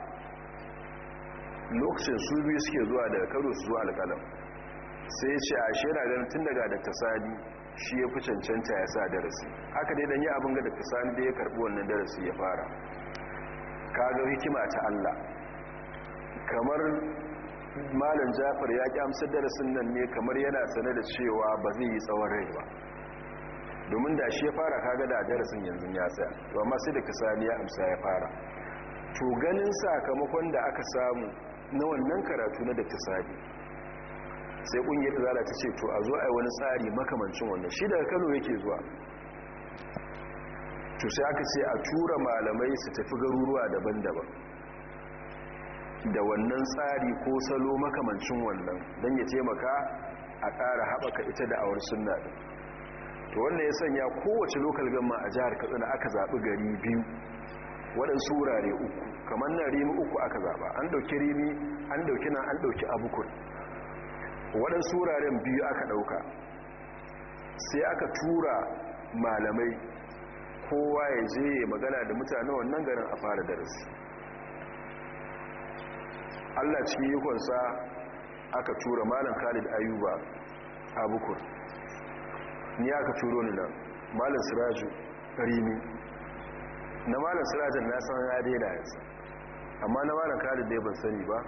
lokacin su biyu suke zuwa daga karo su zuwa alƙalam sai ya ce a shi yana ganin tun daga dr sadi shi ya fi cancanta ya sa darasi haka dai don yi abin ga dr sadi da ya karɓi wannan darasi ya fara kaga hikima ta Allah kamar malam jafar ya ƙi amsar darasin nan ne kamar yana sane da cewa ba zai yi tsawon rai ba domin da shi ya fara kaga da darasin yanzu ya tsaya ba masu da kisani ya amsa ya fara to ganin sakamakon da aka samu na wannan karatu na da kisani sai ƙungiyar zala ta ce to a zo a yi wani tsari makamancin wannan shi daga kano yake zuwa to sai aka ce a tura malamai su tafi garuruwa daban-daban da wannan tsari ko salo makamancin wannan don ya taimaka a ƙara haɓaka ita da awar suna ɗin to wannan ya sanya kowace lokal gama a jihar katsina aka zaɓi gari biyu waɗansu wurare uku kamar na rimi uku aka zaɓa an ɗauki rimi an ɗauki na an ɗauki abukun waɗansu wuraren biyu aka ɗauka sai aka tura malamai kowa ya je ya magana da mutane wannan garin a fara darasi allah cikin kwansa aka tura malam khalid ayuba a bukur ni aka turo ni nan malam siraju rimi na malam sirajin na san ya daina yanzu amma na malam khalid da ban sani ba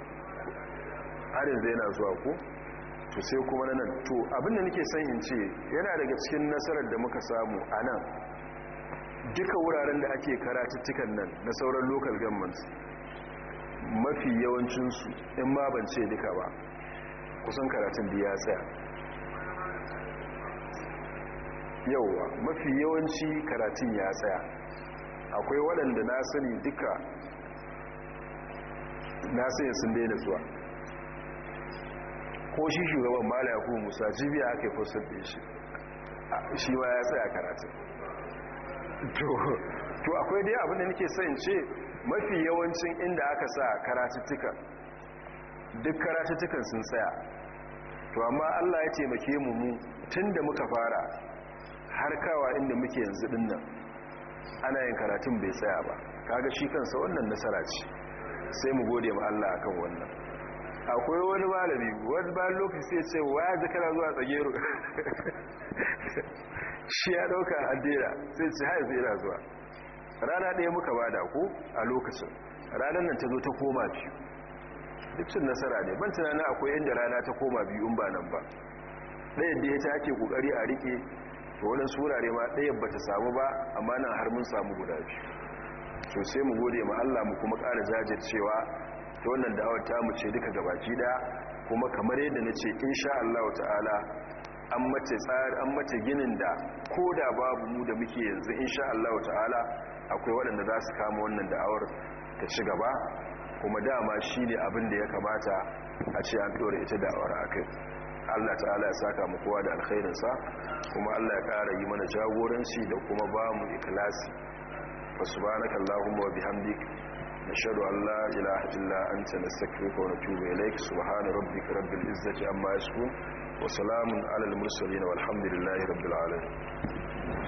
harin zai yana zuwa ku? to sai kuma na nan to abinda nake son in ce yana daga cikin nasarar da muka samu a nan duka wuraren da ake karatuttukan nan na sauran local government mafi yawancinsu in ma ban ce duka ba kusan karatun da ya tsaya yauwa mafi yawanci karatun ya tsaya akwai waɗanda na sani duka na sani sun daina zuwa ko shi shugaban mala ya musa jibiya ake fursar da shi shi ma ya tsaya karatun to akwai dai abin da nake son ce mafi yawancin inda aka sa karatuttuka duk karatuttukan sun tsaya to amma Allah ya taimake mu mu tunda muka fara har kawa inda muke yanzu dinnan ana yin karatun bai tsaya ba kaga shi kansa wannan nasara ce sai mu gode ma Allah akan wannan akwai wani malami wani bayan lokaci sai ce wa ya ji kana zuwa tsagero shi ya dauka addera sai ce ha yanzu ina zuwa rana ɗaya muka ba da ku a lokacin ranar nan ta zo ta koma biyu duk cin nasara ne ban tunanin akwai yadda rana ta koma biyu in ba nan ba ɗayan da ya ta ake ƙoƙari a rike da wani surare ma ɗaya ba ta samu ba amma nan har mun samu guda biyu so mu gode ma Allah mu kuma ƙara jajircewa ta wannan da'awar ta mu ce duka gabaki ɗaya kuma kamar yadda na ce in sha Allah ta'ala an mace tsari an mace ginin da ko da babu mu da muke yanzu insha Allah ta'ala akwai waɗanda za su kama wannan da'awar ta ci gaba kuma dama shi ne abin da ya kamata a ce an ɗora ita da'awar a kai Allah ta'ala ya saka mu kowa da alkhairinsa kuma Allah ya ƙara yi mana jagoranci da kuma ba mu ikilasi wa subhanaka allahumma wa bihamdik nashhadu an la ilaha illa anta nastaghfiruka wa natubu ilayk subhana rabbika rabbil izzati amma yasifun وسلام على المرسلين والحمد لله رب العالمين